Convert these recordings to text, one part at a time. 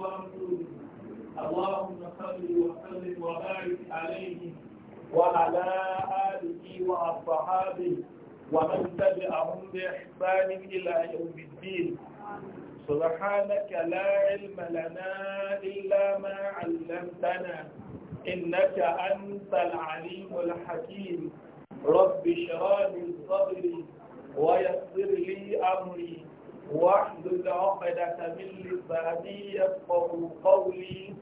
وأمجد اللهم صل وسلم وبارك عليه وعلى آله وأصحابه ومن تبعهم بإحسان إلى يوم الدين سبحانك لا علم لنا إلا ما علمتنا إنك أنت العليم الحكيم رب اشرح لي صدري ويسر لي أمري واحد العقدة من لساني يفقه قولي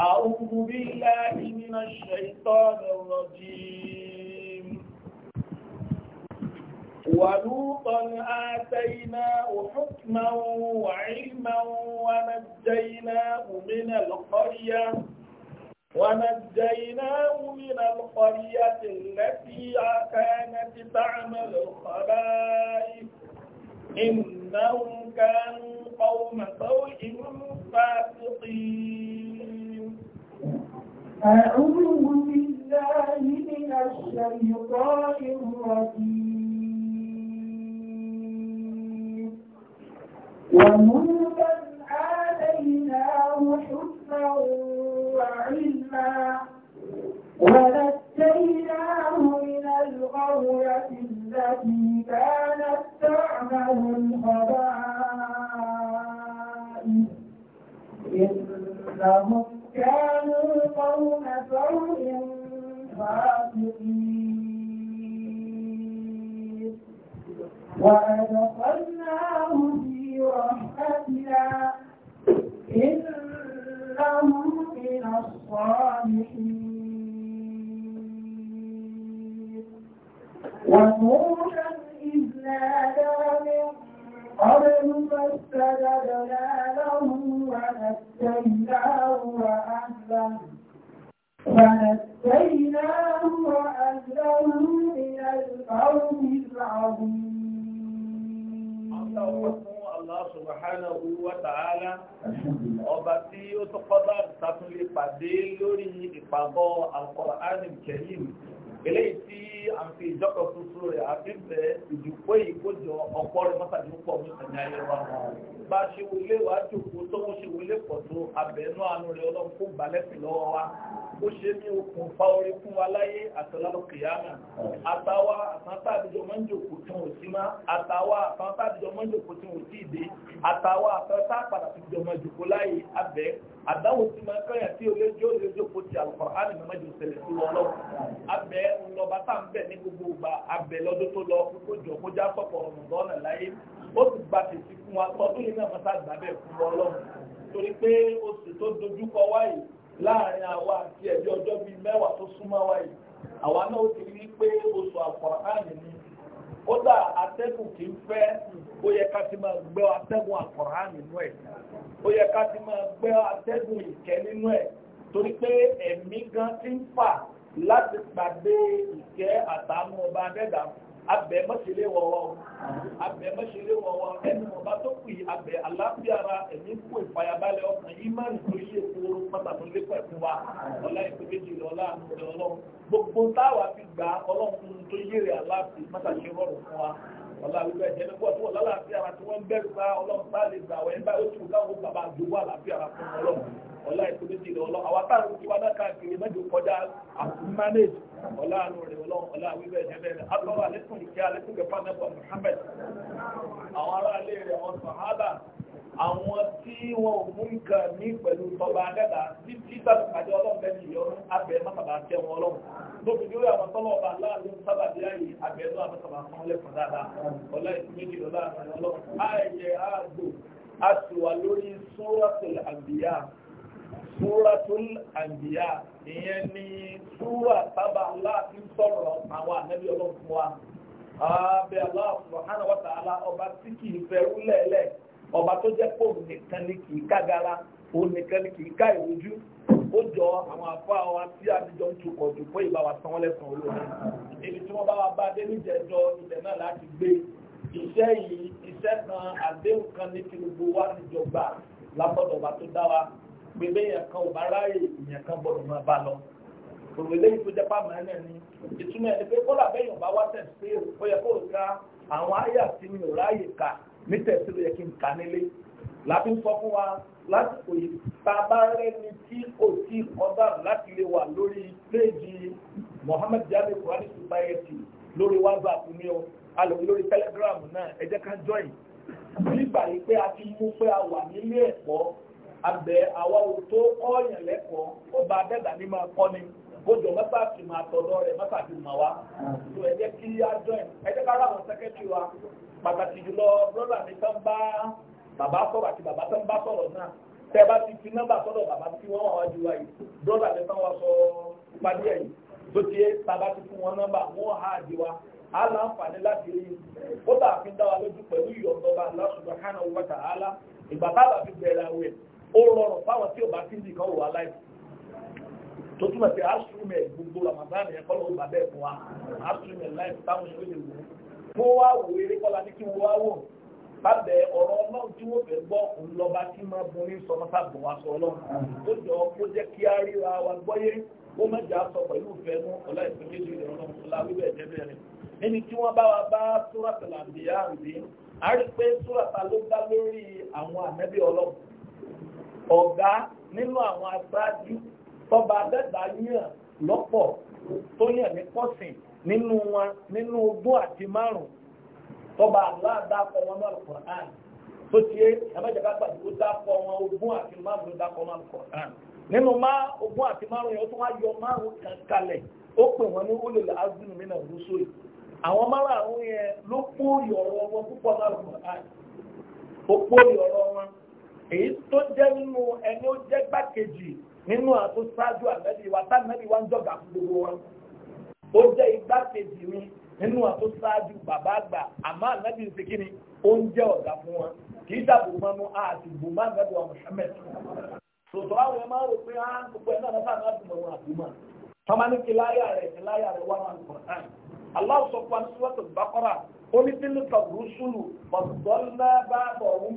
أعوذ بالله من الشيطان الرجيم ولوطا آتيناه حكما وعلما ونجيناه من القرية ونجيناه من القرية التي كانت تعمل الخبائث إنهم كانوا قوم سوء فاسقين أعوذ بالله من الشيطان الرجيم ومنذ آتيناه حكما وعلما ونجيناه من الغرة التي كانت تعمل الخبائث إنهم كانوا قوم سوء فاسقين وأدخلناه في رحمتنا إنه من الصالحين ونوحا إذ نادى من قبل فاستجبنا له ونجيناه وأهله ونجيناه وأهله من القوم العظيم Allah subhanahu wa ta'ala ọba tí ó tó kọ́dá ìtàtúnlé pàdé lórí ìpàgọ́ Al-Qur'an Al-Karim eléyìí tí a fi ìjọkọ̀ tuntun rẹ̀ àti bẹ̀ ìdìpọ̀ yìí kó jọ ọ̀pọ̀ rẹ̀ mọ́tàdé pọ̀ ní ìsẹ̀mí ayé wa bá a ṣe wọlé wa jòkó tó ń ṣe wọlé pọ̀ tó abẹ́nú àánú rẹ̀ ọlọ́run kó gbalẹ̀ sí lọ́wọ́ wa ó ṣe ní okùn fa orí fún wa láyé àtọ́lálùkìyàmù àtàwà àtàntàdìjọ́ máa ń jòkó tí wọ́n ti má àtàwà àtàntàdìjọ́ máa ń jòkó tí wọ́n ti dé àtàwà àtàntàpadà mọ́jú ìṣẹ̀lẹ̀ sí wọn lọ. abẹ́ ńlọba tá ń bẹ̀ ní gbogbo ìgbà abẹ lọ́dún tó lọ kókó jọ kó já sọ̀pọ̀ ọ̀nà láyé ó ti gba tètè fún wa tọdún yìí náà mọ́tà fún wọn lọ. torí pé oṣù tó dojúkọ wáyé láàrin àwa àti ẹ̀bí ọjọ́ bíi mẹ́wàá tó súnmọ́ wáyé àwa náà ó ti rí pé oṣù ni atẹ́gùn kì í fẹ́ ó yẹ ká ti máa gbẹ́ atẹ́gùn torí pé ẹ̀mí gan ti ń fà láti pàdé ìkẹ́ àtàánú ọba abẹ́dà abẹ mọ́sílẹ̀ wọ̀wọ́ abẹ mọ́sílẹ̀ wọ̀wọ́ ẹnu ọba tó kù yìí abẹ àlàáfíà ara ẹ̀mí kú ìfàyàbalẹ̀ ọkàn yìí máa ń tó yé kóró pátánù lẹ́kọ̀ọ́ ẹ̀fún wa ọlá ìpè méjì lọ láàánú ọlọ́run gbogbo táwa fi gbà ọlọ́run tó yé aláàfin mọ́tàṣẹ́ rọrùn fún wa ọlá wípé ẹ̀jẹ̀ ló pọ̀ tí wọ́n lálàáfíà ara tí wọ́n ń bẹ̀rù bá ọlọ́run bá lè gbà wọ́n bá oṣù káwọn bàbá àdúgbò àlàáfíà ara fún ọlọ́run ọlá ètò méjì lọ ọlọ́ àwọn táwọn ti wá náà káàkiri mẹ́jọ kọjá àfúnmánéjì rẹ̀ ọlọ́run ọlá Muhammad àwọn aráalé rẹ̀ àwọn tí wọn ò mú nǹkan ní pẹ̀lú tọba adẹ́ta ní títà àjọ ọlọ́ọ̀bẹ ní ìyọrún abẹ mọ́tàbà tẹ wọn lọ́wọ́ lóbi ní orí àwọn tọ́lọ̀ ọba aláàlú sábàbí ayé abẹ lọ́wọ́ mọ́tàbà fún ọlẹ́kùn dáadáa ọlá ìsúnmẹ́jì lọ́la àmàlẹ́ ọlọ́run àìyẹ àgbò a sì wà lórí suratul anbiya suratul anbiya ìyẹn ní súra sábà láti sọ̀rọ̀ àwọn ànábì ọlọ́run fún wa abẹ aláàfọ̀ hánà wọ́tà alá ọba tí kì í fẹ́ rúlẹ̀ lẹ́ẹ̀ ọba tó jẹ́ pò nìkan ni kì í kágara òun nìkan ni kì í ká ìrojú ó jọ àwọn afọ àwọn tí àdìjọ ń tukọ̀ jù pé ìbá wa sanwó lẹ́sàn olóore èyí tí wọ́n bá wa bá dé níjẹ̀jọ ibẹ̀ náà láti gbé iṣẹ́ yìí iṣẹ́ kan àdéhùn kan ní ti gbogbo wa níjọba lábọ̀dọ̀ wa tó dá wa pé bẹ́yẹn kan ò bá ráyè ìyẹn kan gbọ́dọ̀ máa bá lọ òwe lẹ́yìn tó jẹ́ pàmò ẹ̀ ní ìtumọ̀ ẹ̀ ni pé kó làbẹ́yìn ọ̀bá wá tẹ̀ sí ó yẹ kó o ká àwọn àyà tí mi ò ráyè kà nítẹ̀sí ló yẹ kí n kà nílé láti ń sọ fún wa lásìkò yìí tá a bá rẹ́ni tí kò tí kọjá láti lè wà lórí péèjì Muhammad Jamiu Quranic Society lórí WhatsApp ní o alòmí lórí Telegram náà ẹ jẹ́ ká join nígbà yìí pé a ti mú pé a wà nílé ẹ̀kọ́ abẹ àwa ò tó kọ́ọ̀yàn lẹ́kọ̀ọ́ ọba adẹ́gbà ní máa kọ́ ni kójọ mẹ́fà ti máa tọ̀dọ̀ rẹ̀ mẹ́fà ti mọ̀ wá ẹ jẹ́ kí a join ẹ jẹ́ ká ra àwọn sẹ́kẹ́tì wa pàtàkì jùlọ brọ́dà mi tán bá bàbá sọ̀rọ̀ àti bàbá tán bá sọ̀rọ̀ náà tẹ́ bá ti fi nọ́mbà sọ́dọ̀ bàbá tí wọ́n wà wájú wa yìí brọ́dà mi tán wá sọ pàdé ẹ̀ yìí tó ti yé bàbá ti fún wọn nọ́mbà wọ́n há àjẹ wa á láǹfààní láti rí ó bá fi dá wa lójú pẹ̀lú ìyọ̀ndọ́ba Allah subhanahu wa ta'ala ìgbà tábà fi bẹ̀rẹ̀ àwẹ̀ ó rọrùn fáwọn tí ò bá ti ń dìkan wò wá láì tó túmọ̀ sí asúrùmẹ̀ gbogbo Ramadan yẹn kọ́ ló bàbá ẹ̀ fún wa asúrùmẹ̀ láì táwọn ìwé lè wò ó kó wá wò eré kọ́lá ní kí wọ́n wá wò bábẹ́ ọ̀rọ̀ ọlọ́run tí wọ́n fẹ́ gbọ́ òun lọ́ba tí máa bọ́ ní sọmọ sábọ̀ wá sọ ọlọ́run tó jọ kó jẹ́ kí á ríra wa gbọ́yé ó mẹ́jà sọ pẹ̀lú ìfẹ́ mú ọlá ìfẹ́ méjì ìrọ̀lọ́run tó láwí bẹ́ẹ̀ jẹ́ bẹ́ẹ̀ rẹ̀ níbi tí a rí pé súrọ̀tà ló dá lórí àwọn ànẹ́bí ọlọ́run ọ̀gá nínú àwọn agbájú tọba adẹ́gbàá yàn lọ́pọ̀ tó yàn ní pọ́sìn nínú wọn nínú ogún àti márùn tọba àlọ́ àdáàkọ wọn náà Al-Qur'an tó ti yé ẹ̀mẹ́jọba gbàgbé ó wọn ogún àti márùn ló dáàkọ wọn Al-Qur'an nínú má ogún àti márùn yẹn ó tún wá yọ márùn kan ó pè wọn ní olè làásùnù mí náà rúṣọ yìí àwọn márùn yẹn ló pòórì ọ̀rọ̀ wọn púpọ̀ náà Al-Qur'an ó pòórì ọ̀rọ̀ wọn èyí tó ó jẹ́ igbákejì mi nínú àtó ṣáájú bàbá àgbà àmọ́ ànábì ṣe kí ni ó ń jẹ́ ọ̀gá fún wọn kì í dàbò mọ́nú àti bùmá ànábì wa Muhammad tòtò àwọn ẹ̀ máa rò pé á ah, ń gbogbo ẹ̀ náà náà náà dùn mọ́ àbúmọ̀ tọ́mání kí láyà rẹ̀ kí láyà rẹ̀ wà máa kọ̀ ẹ̀ Allah sọ fún wa ní suratul Baqara ó ní tí lùtọ̀ rúṣùlù ọ̀dọ́lá bá bọ̀ ọ̀hún.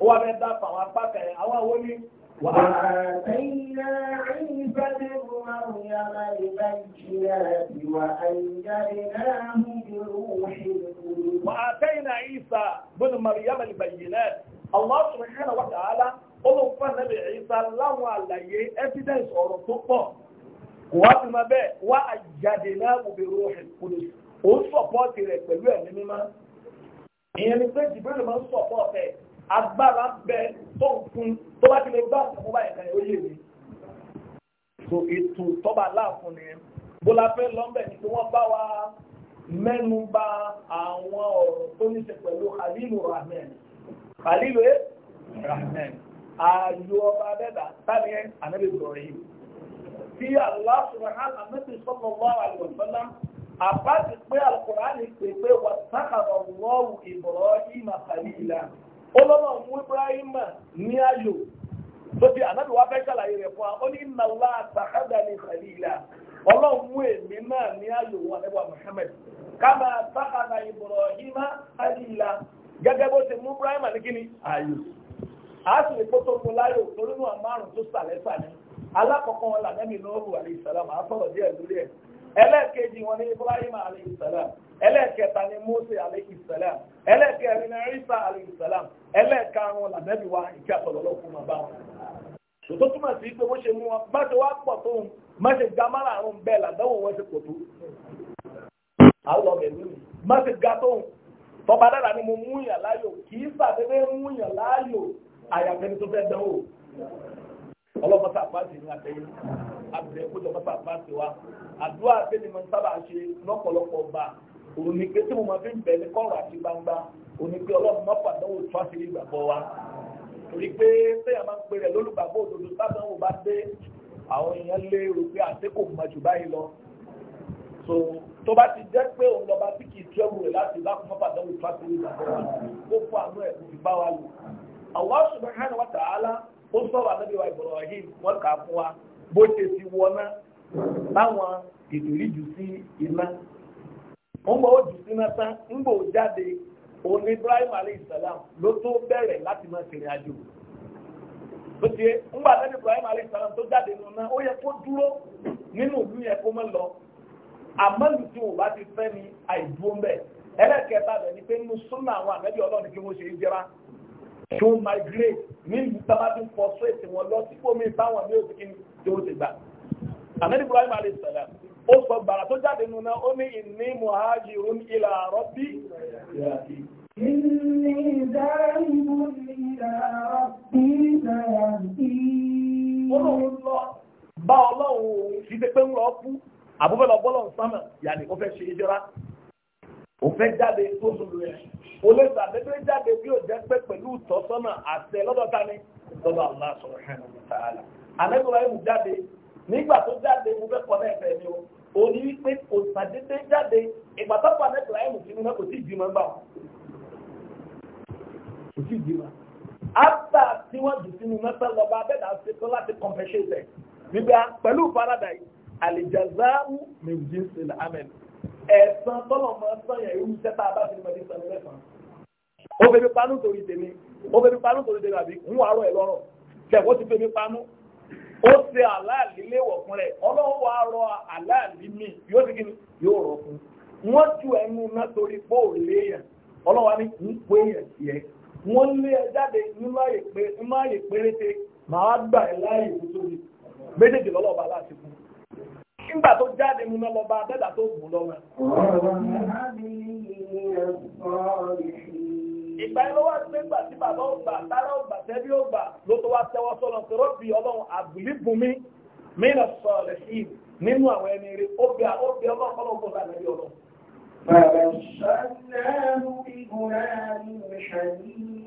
a wá fẹ́ bá fà àwọn àwọn ní. وآتينا عيسى بن مريم البينات وأيدناه بروح وآتينا عيسى بن مريم البينات الله سبحانه وتعالى olóò fún ànábì Ìsá láwọn àlàyé evidence ọ̀rọ̀ tó pọ̀ wá àjáde náà wò bẹ̀rù ìkúlù ó ń rẹ̀ pẹ̀lú ẹ̀mí mímá ìyẹn jìbìrì máa ń sọ̀pọ̀tì ẹ̀ agbára bẹ tó ń fún tó bá ti lè bá àwọn ọba ẹ̀ka ó mi. so ètò tọ́ba láàfún ni bọ́lá fẹ́ lọ́nbẹ̀ ni pé wọ́n bá wa mẹ́nu bà àwọn ọ̀rọ̀ tó ní ṣe pẹ̀lú khalilu rahman khalilu ẹ̀ e? rahman Ayo ọba tani tàbí ànábì sọ̀rọ̀ yìí. tí Allah subhanahu ànábì sallallahu alaihi wasallam àbá ti pé Al-Qur'ani pé pé wàtàkàrọ̀ wọ́ọ̀wù Ibrahim khalila olóòlò fún Ibrahim ní ayò tó ti ànábì wá fẹ́ ṣàlàyé rẹ̀ fún wa ó ní inna Allah àtàkádà ní khalila ọlọ́run mú èmi náà ní ayò wọn ànábì wa kama àtàkádà Ibrahim khalila gẹ́gẹ́ bó ti mú Ibrahim ní kíni ayò a sì lè kótó fún láyò torí wọn márùn tó sàlẹ̀ sàlẹ̀ alákọ̀ọ́kọ́ wọn lànàbì Nuhu alayhi salam àfọ̀rọ̀ díẹ̀ lórí ẹ̀ ẹlẹ́ẹ̀kejì wọn ní Ibrahim alayhi salam ẹlẹ́ẹ̀kẹta ni Mose aleyhisselam ẹlẹ́ẹ̀kẹrin ni Isa aleyhisselam ẹlẹ́ẹ̀karùn-ún làbẹ́bí wa ìkẹ́ àtọ̀lọ́lọ́ fún wọn bá wọn. tòótọ́ túmọ̀ sí pé bó ṣe mú wọn má ṣe wá pọ̀ tó ń má ṣe ga má làárùn bẹ́ẹ̀ làdánwò wọn ṣe pọ̀ tó. àlọ́ mẹ́lú mi má ṣe ga tó ń tọ́ba dára ni mo mú yàn láàyò kì í sàdédé mú yàn láàyò àyàfẹ́ni tó fẹ́ dánwò ọlọ́mọ tá a pàṣẹ ní àtẹ̀yìn àbẹ̀kójọ mọ́tà pàṣẹ wa àdúrà tẹ́lẹ̀ mọ́ sábà ṣe lọ́pọ̀lọpọ̀ gbà òun ni pé tí mo máa fi ń bẹ̀ ní kọ́ọ̀rọ̀ àti gbangba òun ni pé ọlọ́run má pàdánwò tó àṣírí ìgbàgbọ́ wa torí pé tẹ́yà máa ń pè rẹ̀ lólùgbàgbọ́ òdodo sábàáwò bá dé àwọn èèyàn lè rò pé àti kò mọ jù báyìí lọ so tó bá ti jẹ́ pé òun lọ́ba tí kì í tẹ́wù rẹ̀ láti lákùn má pàdánwò tó àṣírí ìgbàgbọ́ wa ó fún àánú ẹ̀ kò fi bá wa lò Allah subhanahu wa ta'ala ó sọ̀rọ̀ ànábìwá Ibrahim wọ́n kà á fún wa bó ṣe ti wọná láwọn ìdíríjù sí iná wọ́n gbọ́ òjì síná tán ń gbò jáde òun ní Ibrahim alayhi salam ló tó bẹ̀rẹ̀ láti máa ṣèrìn àjò ó ti ń gbà lẹ́nu Ibrahim alayhi salam tó jáde nù náà ó yẹ kó dúró nínú ìlú yẹn kó mọ́ lọ àmọ́ ìlú tí wọ́n bá ti fẹ́ ni àìdúró ń bẹ̀ ẹlẹ́kẹta bẹ̀ ni pé nínú súnà àwọn àmẹ́bí ọlọ́run kí wọ́n ṣe é jẹ́ra kí wọ́n migrate nílùú tábà ti ń fọ́ sóòtì wọn lọ sí fómi táwọn ní òsì kí ni tí wọ́n ti gbà àmẹ́bí Ibrahim alayhi salam ó sọ gbàrà tó jáde nù náà ó ní ìní muhajirun ila rabbi bá àbúfẹ́ lọ bọ́lọ̀ sánmà yàní ó fẹ́ ṣe ìjọra ó fẹ́ jáde tó lulú ẹ̀ ó lè sàdédé jáde bí ó jẹ́ pé pẹ̀lú ìtọ́sọ́nà àtẹ lọ́dọ̀ ta ni lọ́dọ̀ Allah subhanahu nígbà tó jáde mo fẹ́ kọ́ lẹ́ẹ̀fẹ́ ni o òní wípé kò sàdédé jáde ìgbà tó pa nẹ́tọ̀ ẹ̀mù sínú náà kò tí ì bímọ gbà wọn. kò tí ì bímọ. áfà tí wọ́n jù sínú mẹ́fẹ́ lọ́ba abẹ́dà ṣe tó láti compensate ẹ̀ gbígbà pẹ̀lú farada yìí àlìjàzáwù mèjì ń sèlè amẹ́n. ẹ̀sán tọ́lọ̀ máa sọ̀yàn irú iṣẹ́ tá a bá fi mọ̀ ní sọ̀rọ̀ lẹ́sàn-án. ó fẹ́ mi panú torí tèmi ó fẹ́ mi panú torí tèmi àbí ń wàárọ̀ ẹ̀ lọ́rọ̀ tẹ̀ wọ́n ti fẹ́ mi ó ṣe aláàlí léwọ̀ fún rẹ̀ wa rọ aláàlí mi yóò ti kíni yóò rọ fún wọ́n ju ẹnu náà torí pé ò léèyàn ọlọ́run wa ní kì í pé sí ẹ wọ́n lé ẹ jáde ní má péréte màá gbà ẹ láàyè tó tóbi méjèèjì lọ́lọ́ọ̀bá láti fún nígbà tó jáde náà lọ́ba tó gùn lọ́wọ́. ìgbà yẹn ló wá sí nígbà tí bàbá ó gbà tára ó gbà tẹ́bí ó gbà ló tó wá tẹ́wọ́ sọ́nà tọ́rọ́ bí ọlọ́run àbúlíbùnmí mílíọ̀n sọ̀rọ̀ sí nínú àwọn ẹni rí ó bí ọlọ́run kọ́lọ́ gbọ́dọ̀ àgbẹ̀bí ọlọ́run.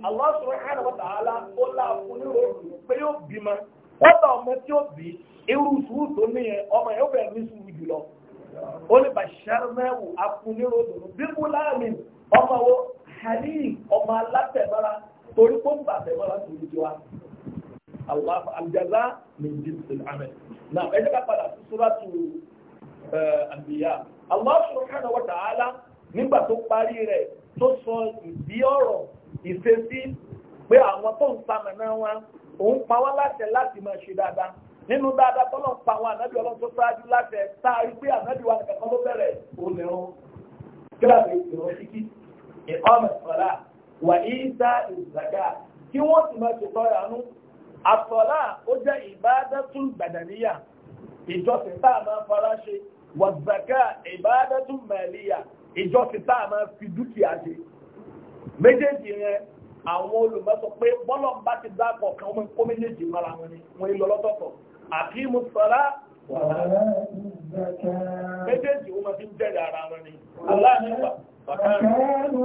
Allah subhanahu wa ta'ala ó láàfún nírò pé yóò bímọ wọ́n bá ọmọ tí ó bí irú sùúrù tó níyẹn ọmọ yóò bẹ̀rẹ̀ ní sùúrù jùlọ ó ní harim ọmọ alátẹ̀bára torí kó ń bàtẹ̀bára torí jọ wa allah aljaza min jinsil amal na ẹ jẹ́ ká padà sí suratu anbiya allah subhanahu wa ta'ala nígbà tó parí rẹ̀ tó sọ ìdí ọ̀rọ̀ ìfesí pé àwọn tó ń samọ̀nà wa òun pa wá láṣẹ láti máa ṣe dáadáa nínú dáadáa tọ́lọ̀ pa àwọn ànábì ọlọ́run tó ṣáájú láṣẹ táàrí pé ànábì wa nìkan kan bẹ̀rẹ̀ òun nìran kíláàsì ìrọ̀ kíkí ìkọ́mọ̀ sọ́lá wà ìta ìzàká kí wọ́n sì máa ṣe tọ́ra nú àsọ̀lá ó jẹ́ ìbádẹ́tù gbàdàníyà ìjọsìn tá a máa fara ṣe wà zàká ìbádẹ́tù màlíyà ìjọsìn tá a máa fi dúkìá ṣe méjèèjì yẹn àwọn olùmọ̀sọ pé bọ́lọ̀ bá ti dápọ̀ kan wọn kó méjèèjì mara wọn ni wọn lọ lọ́tọ̀ọ̀tọ̀ àkímù sọ́lá méjèèjì wọn ti ń jẹ́rìí ara wọn ni aláàánú wàkánù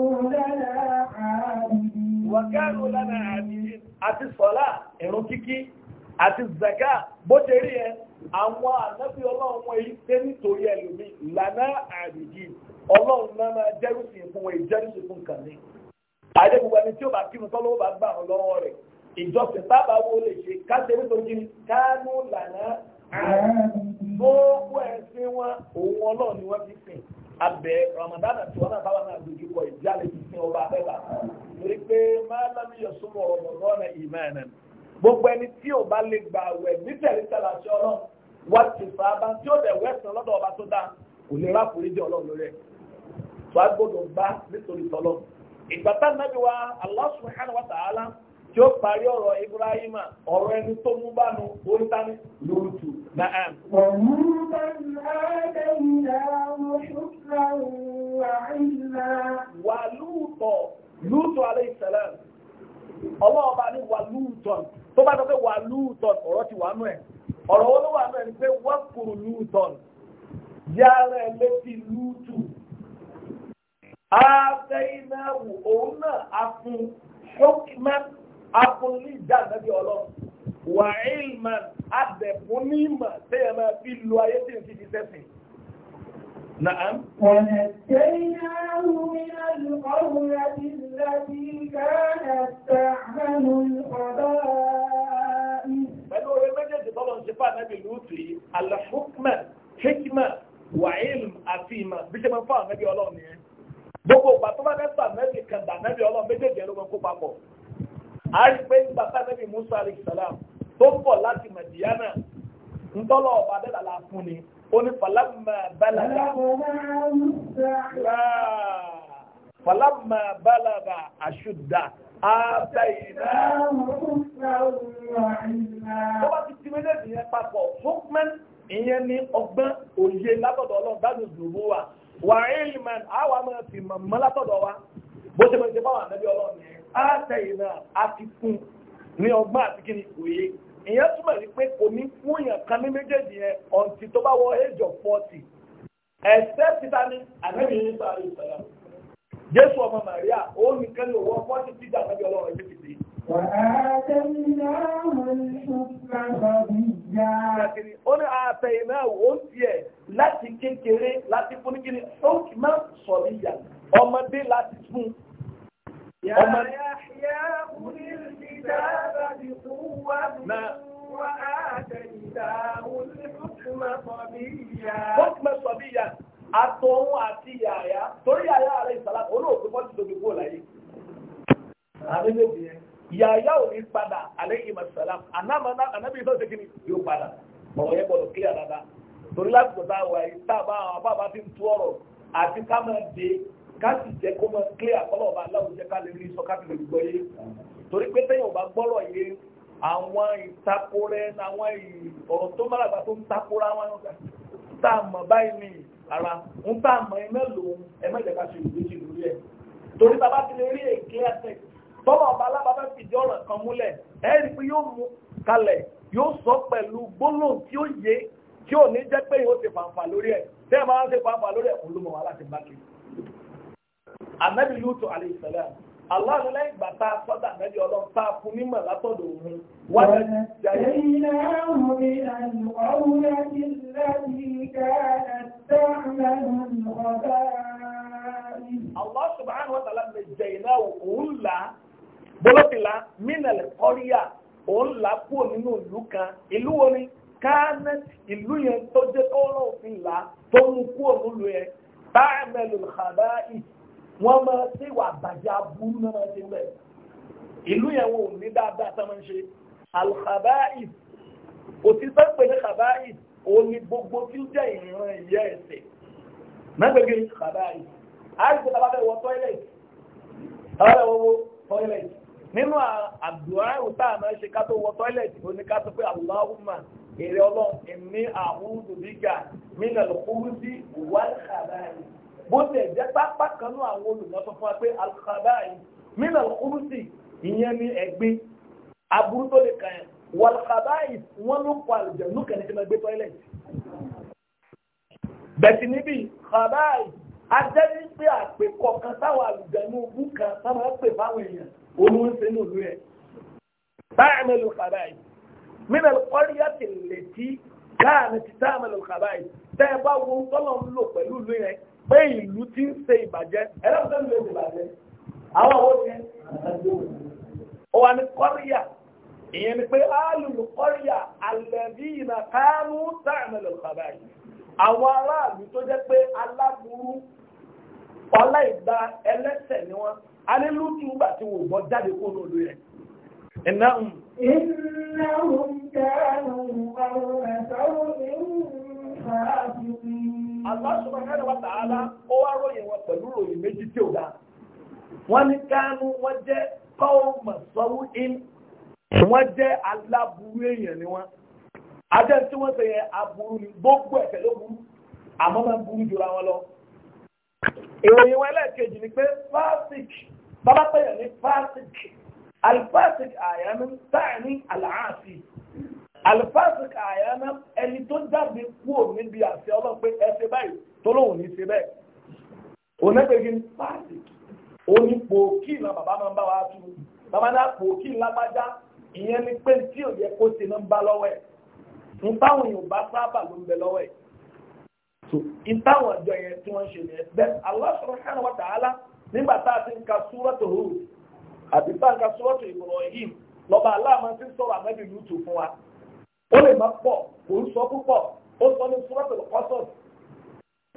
lánà àbìdín àti sọ́lá ẹ̀rùn kíkí àti zaka bó ṣe rí ẹ àwọn ànábì ọlọ́run wọn èyí tẹ́ nítorí ẹlòmí lánà àbìdín ọlọ́run náà máa jẹ́rùsì fún wọn ìjẹ́rùsì fún kàní àdé gbogbo ẹni tí ó bá kírun tọ́lọ́wọ́ bá gbà ọ́ lọ́wọ́ rẹ̀ ìjọsìn bábà wo lè ṣe káṣe nítorí kánú lánà àbìdín gbogbo ẹ̀sìn wọn òun ọlọ́run ni wọ́n fi sìn abẹ ramadana tí wọn náà báwọn náà dojú kọ ìdí alẹ́ ti sin ọba abẹ́bà torí pé máa lábí yọ̀sùn mọ̀ ọ̀rọ̀mọ̀lọ́nà ìmọ̀ẹ̀nà gbogbo ẹni tí ò bá lè gbà wẹ̀ nítẹ̀lé tẹ̀lé àṣẹ ọlọ́run wá ti fa bá tí ó dẹ̀ wẹ̀sán lọ́dọ̀ ọba tó dáa kò lè rà foríjì ọlọ́run lórí tó a gbọ́dọ̀ gbá nítorí tọ́lọ́ ìgbà tá nàbí wa Allah subhanahu wa ta'ala tí ó parí ọ̀rọ̀ Ibrahima ọ̀rọ̀ ẹni tó mú bá nu orí tání lóòtù náà. ọ̀mú bá ń لوطا وعلا ولوطا لوط عليه السلام ọlọ́run bá ní wà lúùtọ̀n tó bá sọ pé wà lúùtọ̀n ọ̀rọ̀ ti wà nú ẹ̀ ọ̀rọ̀ wo ló wà nú ẹ̀ ni pé wọ́n kúrò lúùtọ̀n yára ẹ̀ létí lúùtù àtẹ̀yìnàwó òun náà afun ṣókìmá afun ní ìjà ọlọ́run wà ìlmà àbẹ̀fún ní ìmọ̀ tẹ́yẹ̀ máa fi lo ayé tí n fi fi sẹ́sìn. نعم ونجيناه من القرية التي كانت تعمل الخبائث بل هو المجد طبعا شفاء نبي لوطي على حكمة حكمة وعلم أفيمة بيش من فاهم نبي الله نيه gbogbo ìgbà tó bá dẹ́sà nẹ́bì kẹta nẹ́bì ọlọ́run méjèèjì ló máa kó papọ̀ a rí pé ìgbà tá nẹ́bì Musa alayhi salam tó ń bọ̀ láti Mẹ̀díyánà ó ní falama balaga falama balaga aṣùdà àtàyìnà tó bá ti ti méjèèjì yẹn papọ̀ hukman ìyẹn ní ọgbọ́n òye látọ̀dọ̀ ọlọ́run dájú dùbú wa wà ilman àwọn àmọ́ ti mọ̀mọ́ látọ̀dọ̀ wa bó ṣe mọ̀ ṣe báwọn ọlọ́run yẹn àtàyìnà àti fún ní ọgbọ́n àti kíni òye ìyẹn túmọ̀ sí pé kò ní fún èèyàn kan ní méjèèjì yẹn ọ̀ǹtì tó bá wọ age of forty ẹ̀sẹ̀ títa ní ànábì yìí sọ àrùn ìsọ̀lá jésù ọmọ màríà ó nìkan ní òwò forty títa ànábì ọlọ́run ẹ̀sẹ̀ tìtì. ó ní àtẹ̀yìn náà ó ń tiẹ̀ láti kékeré láti fún ní kíni ó máa sọ̀rọ̀ ìyà ọmọdé láti fún un. يا يحيى خذ الكتاب بقوة وآتيناه الحكم صبيا حكم صبيا àtọ̀hún àti yàyà torí yàyà àrẹ ìsàlá olóògbé wọ́n ti tóbi kúrò láyé àrẹ́lẹ́bì yẹn yàyà ò ní padà àrẹ ìmọ̀sálà ànámọ́ná ànábì ìtọ́ ṣe kíni yóò padà ọ̀rọ̀ yẹn gbọ́dọ̀ kílẹ̀ dáadáa torí láti kò tá a wà àwọn bàbá ti ń tú ọ̀rọ̀ àti ká máa de káàsì jẹ́ kó mọ́ clear àkọ́lọ̀ ọba aláwùjẹ́ ká lè rí sọ ká lè gbọ́ yé torí pé tẹ́yìn ọba gbọ́rọ̀ yé àwọn ìtakorẹ́ àwọn ọ̀rọ̀ tó máràgbà tó ń takora wọn tá a mọ̀ báyìí ni ara ń tá a mọ̀ iná lòun ẹ mẹ́jẹ̀ ká ṣe ìgbésí lórí ẹ̀ torí bàbá ti lè rí èké ẹsẹ̀ tọ́lọ̀ ọba alábàbá fìdí ọ̀rọ̀ kan múlẹ̀ ẹ̀ rí pé yóò mú kalẹ̀ yóò sọ pẹ̀lú gbólóhùn tí ó yé tí ò ní jẹ́ pé yóò ti fàǹfà lórí ẹ̀ tẹ́ ẹ máa ń ṣe fàǹfà lórí ẹ̀ kò ló mọ̀ bá kiri ànábì lútò àlèsàlẹ̀ aláàlẹ́ ìgbà tá a sọ́dà ànábì ọlọ́run tá a fún nímọ̀ látọ̀dọ̀ òun wá lẹ́yìn jẹ́ iná àwọn ìlànà ìlànà ìkàrà táwọn ọ̀dà Allah subhanahu wa ta'ala jẹ́ iná òun là bọ́lọ́tìlá mínàlẹ̀ kọ́ríyà òun là kúrò nínú ìlú kan ìlú wo ni kánẹ́ ìlú yẹn tó jẹ́ kọ́rọ̀ òfin là tó mú kúrò nílùú yẹn táàmẹ̀lù kàbáyìí wọ́n máa ṣe ìwà àbàjẹ́ aburú náà máa ṣe mẹ́ ìlú yẹn wò ní dáadáa tá máa ń ṣe alhabais òtítọ́ pé ní habais òun ni gbogbo tí ó jẹ́ ìran ìyẹ́ ẹ̀sẹ̀ mẹ́gbẹ̀gbẹ̀ habais àìsí tá a bá fẹ́ wọ toilet tá a bá fẹ́ wọ toilet nínú àdúrà ìwòsàn àmọ́ ṣe ká wọ toilet òní ká tó pé Allahumma èrè ọlọ́run ẹ̀mí àwọn òdòdó mí bó tẹ̀ jẹ́ pápá kan náà àwọn olùmọ̀ sọ fún wa pé alkhaba'i min alkhubusi ìyẹn ní ẹ̀gbin aburú tó lè kàn yẹn walkhaba'i wọ́n ló kọ àlùjẹ̀nú kẹ́ni tí wọ́n gbé toilet. bẹ̀sì níbi khaba'i adẹ́rìí pé àpékọ̀ kan táwọn àlùjẹ̀nú ogún kan táwọn pè fáwọn èèyàn olùwọ́n ní òlú ẹ̀. táàmì lu khaba'i min alqaryati allati kanat tààmì lu khaba'i tẹ́ ẹ bá wo tọ́lọ́ ń lò pẹ̀lú ìlú yẹn pé ìlú tí ń ṣe ìbàjẹ́ ẹlẹ́pùtẹ́ ló ìbàjẹ́ àwọn owó ní àwọn tó jẹ́ pé ọlá ìgbà ẹlẹ́sẹ̀ ni wọ́n alélùtù tí wò bọ́ jáde kó lólu yẹn. إنهم onye كانوا قوم سوء فاسقين Allah subhanahu wa ta'ala ó wá ròyìn wọn pẹ̀lú ròyìn méjì tí ò dá wọ́n ní kánú wọ́n jẹ́ kọ́ọ̀mọ̀ sọ́wọ́ in wọ́n jẹ́ aláburú èèyàn ni wọ́n ajẹ́ tí wọ́n ṣe yẹn aburú ni gbogbo ẹ̀fẹ̀ ló burú àmọ́ máa ń jáde kúrò níbi àṣẹ ọlọ́run pé ẹ ṣe báyìí tó lóun ní ṣe bẹ́ẹ̀ onẹ́gbẹ̀gì páàsì oní pòókì náà bàbá máa ń bá wa tú bàbá náà pòókì lágbájá ìyẹn ni pé tí ò yẹ kó ṣe náà ń bá lọ́wọ́ ẹ̀ ń táwọn èèyàn bá sábà ló ń bẹ lọ́wọ́ ẹ̀ ń táwọn àjọ yẹn tí wọ́n ṣe yẹn bẹ́ẹ̀ Allah subhanahu wa ta'ala nígbà tá a ti ń ka súrọ́tò Hud àti tá a ń ka súrọ́tò Ibrahim lọ́ba aláàmọ́ ti sọ̀rọ̀ àmẹ́bí lùtù fún wa ó lè má pọ̀ kò ń sọ púpọ̀ ó sọ ní súrọ́tò kọ́sọ̀t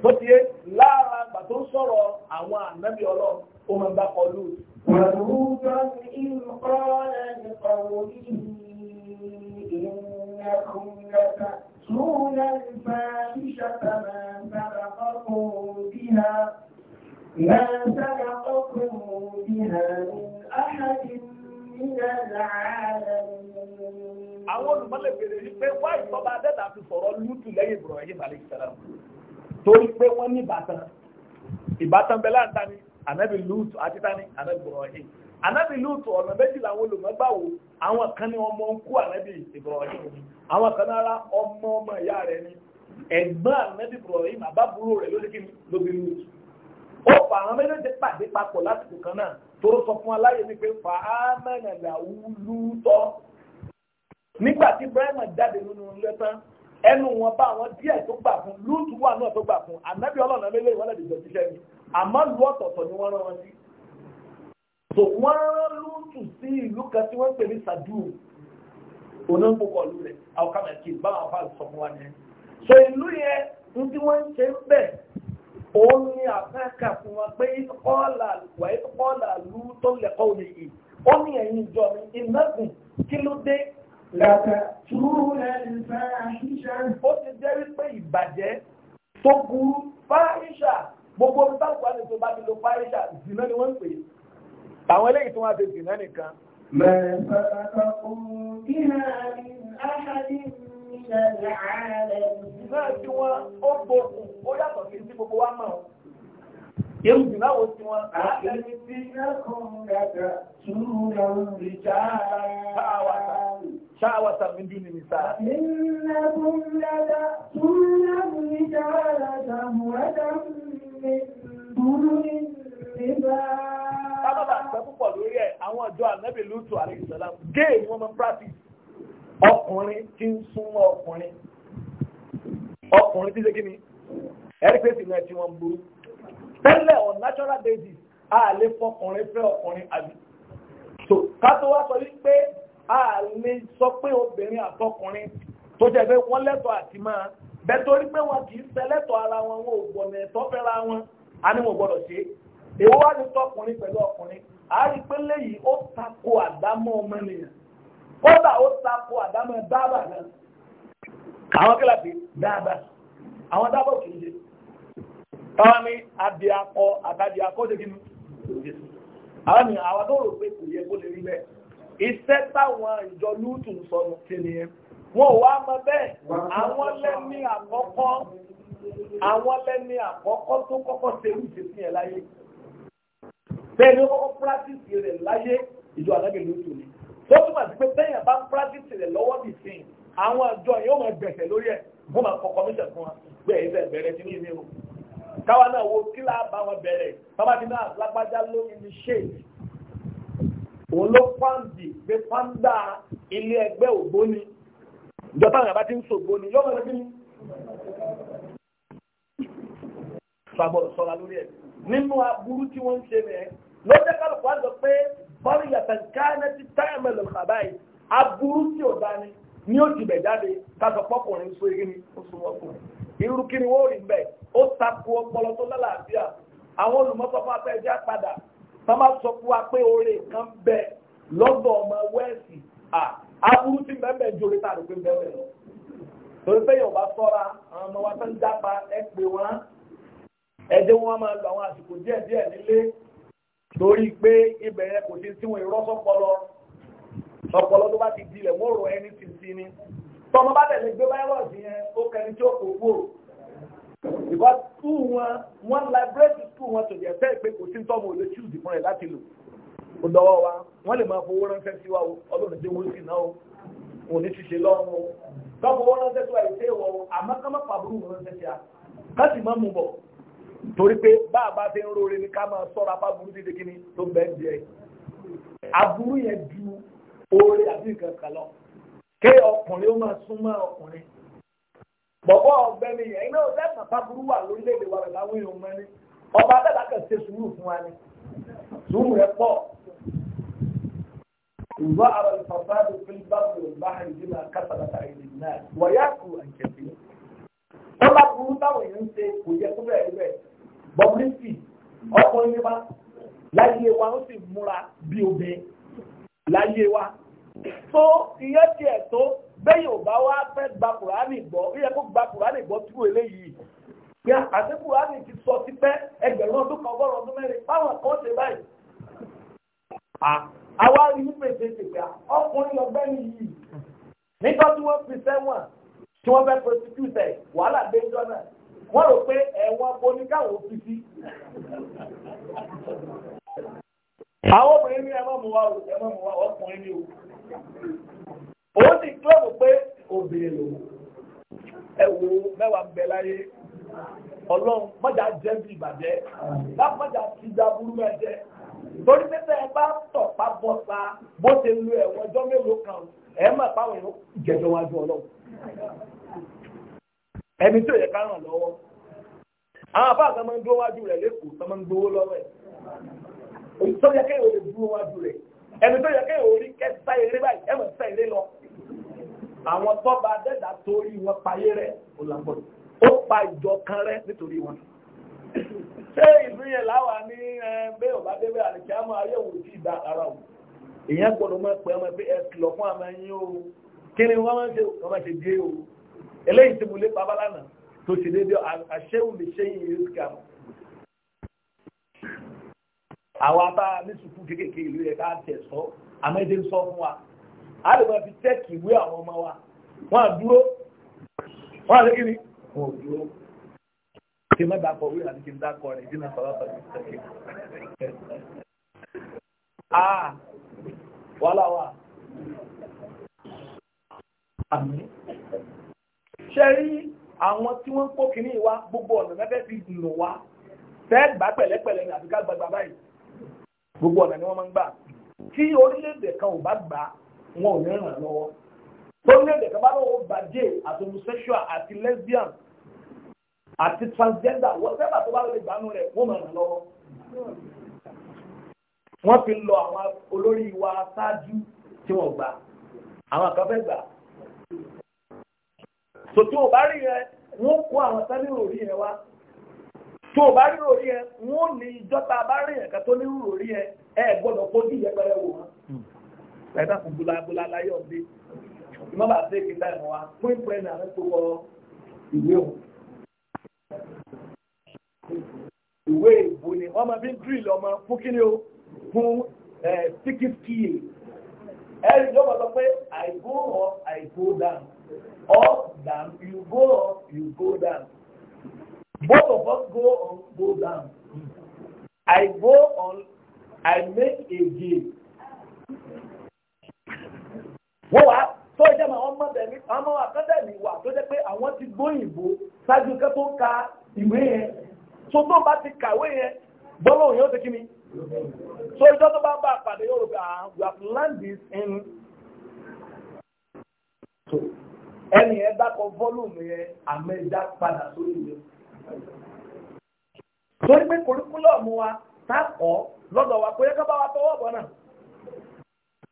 tó ti yé lára àgbà tó ń sọ̀rọ̀ àwọn ànábì ọlọ́run ó máa ń bá kọ lù. Wàlúùjọ́ ni ìrùkọ́ ẹni kọ̀wé yìí ìrìnàkùn lẹ́ka. تأتون الفاحشة ما سبقكم بها ما سبقكم بها من أحد من العالمين àwọn olùmọ́lẹ̀ bèrè wípé wá ìjọba adẹ́dà fi sọ̀rọ̀ lútù lẹ́yìn Ibrahim alayhi salam torí pé wọ́n ní ìbátan ìbátan bẹ́lá ń tani ànábì lútù àti tani ànábì Ibrahim ànábì lútù ọ̀nà méjì làwọn olùmọ́gbà wò àwọn kan ní ọmọ ń kú ànábì Ibrahim àwọn kan náà ọmọ ọmọ ìyá rẹ̀ ni ẹ̀gbọ́n ànábì Ibrahim àbábúrò rẹ̀ ló lékè lóbi lútù ó fà àwọn méjèèjì pàdé papọ̀ lásìkò kan náà toró sọ fún aláyè ní pé fà á lútọ́ nígbà tí Ibrahim jáde nínú ilé tán ẹnu wọn bá àwọn díẹ̀ tó gbà fún lúùtù wà náà tó gbà fún ànábì ọlọ́run lélẹ́ ìwọ́lẹ̀ ìjọ ṣiṣẹ́ ni àmọ́ lu ọ̀tọ̀ọ̀tọ̀ ni wọ́n rán wọn sí. tó wọ́n rán lúùtù sí ìlú kan tí wọ́n pè ní sadu onígbòkọ̀ ìlú rẹ̀ àwọn kàmá kì í bá àwọn bá sọ fún wa yẹn. so ìlú yẹn ní tí wọ́n ń ṣe ń bẹ̀ òun ni àfẹ́kà fún wọn pé ìtọ́kọ́là wà ìtọ́kọ́là lú tó lẹ́kọ́ Ó ti jẹ́ wípé ìbàjẹ́ tó burú fáríṣà gbogbo olùtàkùn àti tó bá ti lo fáríṣà zìnà ni wọ́n ń pè. Àwọn eléyìí tó wá ti zìnà nìkan. Náà tí wọ́n ó gbókùn ó yàtọ̀ sí gbogbo wa mọ̀ kéwù jù láwo tí wọ́n ta èyí tí ṣáwàtà mi dún ní nìta. Ìnàkùn lẹ́dà tún lẹ́dà níta lẹ́dà mọ̀ẹ́dà mi dúró ní nígbà. Sábàbà sọ púpọ̀ lórí ẹ̀ àwọn ọjọ́ ànábì lóòtù àríṣọ́lá géè ni wọ́n máa ń practice ọkùnrin tí ń súnmọ́ ọkùnrin ọkùnrin tí ṣe kí ni ẹ̀rí pé sì náà tí wọ́n ń burú tẹ́lẹ̀ on natural basis a lè fọkùnrin fẹ́ ọkùnrin àbí so ká tó wá sọ wípé a lè sọ pé obìnrin àtọkùnrin tó jẹ́ pé wọ́n lẹ́tọ̀ọ́ àti máa bẹ́ẹ̀ torí pé wọn kì í sẹlẹ́tọ̀ ara wọn wọn ò gbọ̀nà ẹ̀tọ́ fẹ́ra wọn a ní wọn gbọ́dọ̀ ṣe èwo wá ní tọkùnrin pẹ̀lú ọkùnrin a rí pé léyìí ó tako àdámọ́ ọmọnìyàn kódà ó tako àdámọ́ dábà náà àwọn kíláàsì dáadáa àwọn dábà kì í ṣe Táwọn ní adìakọ àtàdìakọ ṣe kí ni? Àwọn ni àwọn tó rò pé kò yẹ kó lè rí bẹ́ẹ̀. Iṣẹ́ táwọn ìjọ Lútù ń sọnù sí ni wọn ò wá mọ bẹ́ẹ̀. Àwọn lẹ́ni àkọ́kọ́ àwọn lẹ́ni àkọ́kọ́ tó kọ́kọ́ ṣe irú ìṣesí yẹn láyé. Bẹ́ẹ̀ ni ó kọ́kọ́ pírátìsì rẹ̀ láyé ìjọ àlágbè Lútù ni. Tó túmọ̀ sí pé bẹ́ẹ̀ bá ń pírátìsì rẹ̀ lọ́wọ́ bì sí àwọn àjọ yẹn ó máa gbẹ̀sẹ̀ lórí ẹ̀ wọ́n máa kọ káwa náà wo kí láà bá wọn bẹ̀rẹ̀ bàbá ti náà lágbájá ló ní ṣéèdì òun ló pàǹdì gbé pàǹdà ilé ẹgbẹ́ ògbóni ìjọba àwọn àbá ti ń sògbóni yóò wọlé bíi sọ̀rọ̀ lórí ẹ̀ nínú aburú tí wọ́n ń ṣe rẹ̀ lọ́jọ́ kálukú àjọ pé bọ́ọ̀lù yàtọ̀ káyọ̀ ti táyàmẹ̀ lọ kàbá yìí aburú tí ò bá ní ó ti bẹ̀ jáde kájọ pọ́kùnrin sóyè ní oṣù wọ́kùnrin irú kí ni wọ́n rí bẹ́ẹ̀ ó takò ọpọlọ tó lálàáfíà àwọn olùmọ́sọ́fọ́ afẹ́jẹ́ padà wọ́n máa sọ fún wa pé oore kan bẹ lọ́dọ̀ ọmọ wẹ́ẹ̀sì à aburú ti bẹ́ẹ̀ jóore tá a rò pé bẹ́ẹ̀ lọ. torí pé yorùbá sọ́ra àwọn ọmọ wa tó ń jápa ẹ pé wọn ẹjẹ́ wọn máa lo àwọn àsìkò díẹ̀ díẹ̀ nílé torí pé ibẹ̀ yẹn kò sí síwọn ìrọ́sọ́pọlọ ọpọlọ tó bá ti dilẹ̀ wọ́n rọ ẹni tì sí ni tọmọ bá tẹ̀lé gbé báyọ̀ sí yẹn ó kẹni tí ó kò kúrò because school wọn wọn liberate school wọn tòbi ẹ̀fẹ́ ìpè kò sí tọ́mù olè choose fún rẹ̀ láti lò ó dọwọ́ wa wọ́n lè máa fowó ránṣẹ́ sí wa ọlọ́run tí wọ́n sì náà wọn ò ní ṣiṣẹ́ lọ́rùn o tọ́mù owó ránṣẹ́ sí wa ìṣe wọ àmọ́ ká má pàbùrù wọn ránṣẹ́ sí wa ká sì má mú bọ̀ torí pé bá ni ká máa sọ́ra bá burú ti di kíni tó bẹ́ẹ̀ díẹ̀ aburú yẹn ju oore àbí nǹkan kan lọ ké ọkùnrin ó máa súnmọ́ ọkùnrin bọ̀bọ̀ ọ̀gbẹ́ni ẹ̀yin náà ọ̀sẹ̀ bàbá burú wà lórílẹ̀‐èdè wa bàbá wíyọ̀ mọ́ni ọba dàda kan ṣe sùúrù fún wa ni sùúrù rẹ̀ pọ̀ ìwà àrà ìfàfàdù fílbàbù ìbáhàn ìdílà kásàlàtà ìlú náà wọ̀yá kù àǹkẹ́sì. wọ́n bá burú táwọn èèyàn ń ṣe kò yẹ kó bẹ́ẹ̀ bẹ́ẹ̀ bọ́bílísì ọkọ̀ ilé wa láyé wa ó sì múra bí obìnrin láyé wa tó ìyẹn tiẹ̀ tó bẹ́yìn ò bá wá fẹ́ gba kùránì gbọ́ ó yẹ kó gba kùránì gbọ́ tú eléyìí pé àti kùránì ti sọ sí pẹ́ ẹgbẹ̀rún ọdún kan ọgọ́rùn ọdún mẹ́rin báwọn kan ṣe báyìí. àwa rí i pèsè pèsè ọkùnrin ọgbẹ́ni yìí nígbà tí wọ́n fi sẹ́wọ̀n tí wọ́n fẹ́ prosecute ẹ̀ wàhálà dé jọ́nà wọ́n rò pé ẹ̀wọ̀n boníkàwọ̀ fi sí. àwọn obìnrin ní ẹ má mú wa ọkùnrin ní o òun sì kílọ̀bù pé obìnrin lòun ẹ̀wò mẹ́wàá ń bẹ láyé ọlọ́run mọ́jà jẹ́ bí ìbàjẹ́ láti mọ́jà ti da burú mẹ́jẹ́ torí pé tẹ́ ẹ bá tọ̀ pa bọ́ sa bó ṣe lu ẹ̀wọ̀n ọjọ́ mélòó kan ẹ̀ mọ̀ páwọn èèyàn jẹjọ wájú ọlọ́run ẹni tí ò yẹ ká ràn lọ́wọ́ àwọn àbá àgbà máa ń dúró wájú rẹ̀ lẹ́kọ̀ọ́ tó máa ń gbowó lọ́wọ́ ẹ̀ tó yẹ kéèyàn ò lè dúró wájú rẹ̀ ẹni tó yẹ kéèyàn ò rí kẹta eré báyìí ẹ̀ mọ̀ sá eré lọ àwọn tọ́ba dẹ́dà torí wọn payé rẹ̀ ó lágbọ́dọ̀ ó pa ìjọ kan rẹ̀ nítorí wọn. ṣé ìlú yẹn láwa ní bẹ́ẹ̀ ò bá débẹ̀ àlèkí àmọ́ ayé òun ti gba ara o èèyàn gbọ́dọ̀ máa pè ọmọ pé ẹ kìlọ̀ fún àmọ́ yín o kí ni wọ́n máa ń ṣe wọ́n máa ṣe dé o eléyìí ti mú lé babalánà tó ṣe déédéé àṣẹ́wò lè ṣe yín yóò kà mọ́. àwọn abá ní sùkúù kéékèèké ìlú yẹn ká tẹ̀ sọ a lè máa fi tẹ́kì ìwé àwọn ọmọ wa wọ́n á dúró wọ́n á lé kíni wọ́n ò dúró kí n má dà kọ̀ wí àti kí n dà kọ̀ rẹ̀ kí n náà sọ̀rọ̀ sọ̀rọ̀ tẹ́kì. a wàhálà wà àmì ṣe rí àwọn tí wọ́n ń kó kínní wa gbogbo ọ̀nà mẹ́fẹ́ fi lò wá fẹ́ gbà pẹ̀lẹ́pẹ̀lẹ́ ní àfikà gbàgbà báyìí gbogbo ọ̀nà ni wọ́n máa ń gbà tí orílẹ̀-èdè kan ò bá gbà wọn ò ní ràn lọ́wọ́ lórílẹ̀-èdè kan bá lọ́wọ́ gba gay àti homosexual àti lesbian àti transgender wọ́n sẹ́bà tó bá lè gbanú rẹ̀ wọ́n ràn lọ́wọ́. fi lọ àwọn olórí wa ṣáájú tí wọ́n gbà àwọn kan fẹ́ gbà. tòtí ò bá rí yẹn wọ́n kó àwọn sáré òrí yẹn wá tó o bá rí òrí yẹn wọ́n ní ìjọba bá rí yẹn kan òrí yẹn gbọ́dọ̀ ẹ̀dá kò búlábúlá láyé ọ̀dẹ́ ìmọ̀ bá fẹ́ kí n dáìmọ̀ wa fún ìpò ẹ̀ náà tó wọ ìwé o. ìwé ìbò ni wọ́n máa fi ń dírìlì ọmọ fún kíni o fún tíkì kíyè ẹ̀rí lọ́wọ́ sọ pé I go up I go down up down you go up you go down both of us go up, go down I go on I make a game. wọ́n wá tó jẹ́ ma ọmọ bẹ̀rẹ̀ ọmọ akadẹ́mì wà tó jẹ́ pé àwọn ti gbóyìnbó ṣáájú kẹ́ tó ka ìwé yẹn tó tó bá ti kàwé yẹn gbọ́dọ̀ òyìn ó ti kí so ìjọ tó bá bá àpàdé yóò rò pé ah we have learned this in so ẹnì yẹn dákọ fọ́lùmù yẹn àmẹ́jà padà sórí pé wa tá a kọ́ lọ́dọ̀ wa pé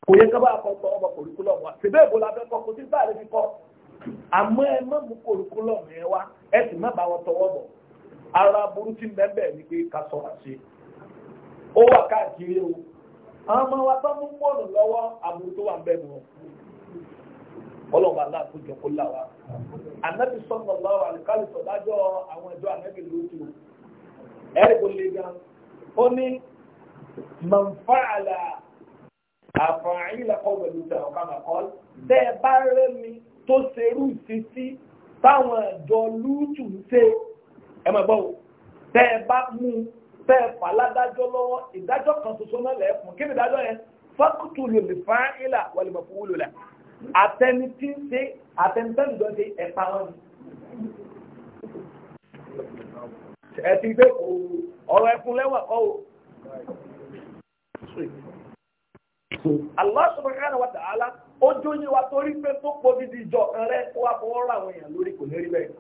kò yẹ kábà àkọ́kọ́ ọmọ curriculum wa ṣèbẹ́ èbó la fẹ́ kọ́ kò sí sáà lè fi kọ́ àmọ́ ẹ má mú curriculum yẹn wá ẹ sì má ara burú tí ni pé ká sọ̀rọ̀ sí i ó wà káàkiri o àwọn ọmọ wa tó mú fóònù lọ́wọ́ àbúrò tó wà bẹ́ẹ̀ mọ́ ọlọ́run bá láàbù jọ̀kọ́ là wá lọ́wọ́ àlùkálù sọ̀dájọ́ àwọn ẹjọ́ ànábì lójú ẹ̀rì kò gan ó ní mọ̀nfàlà àfọ̀nrín ilẹ̀kọ́ pẹ̀lú tẹ̀wọ̀n kàmà kọ́ tẹ́ ẹ bá rẹ́ mi tó ṣerú ìṣesí táwọn ẹ̀jọ́ lútù ń ṣe ẹ mọ̀ gbọ́ tẹ́ ẹ bá mú tẹ́ ẹ fà ládájọ́ lọ́wọ́ ìdájọ́ kan ṣoṣo náà lẹ́ fún kí ni ìdájọ́ yẹn fọ́kùtù lò lè fa ìlà wọlé mọ̀ fún wúlò la àtẹni tí ń ṣe àtẹni tẹ́lẹ̀ jọ ṣe ẹ̀pa wọn ẹ ti gbé ọ̀rọ̀ ẹ̀fun kọ́ o. Allah subhanahu wa ta'ala ojú yín wa torí pé tó pọ̀ gidi ìjọ rẹ kó wá fọwọ́ ra àwọn èèyàn lórí kò ní rí bẹ́ẹ̀.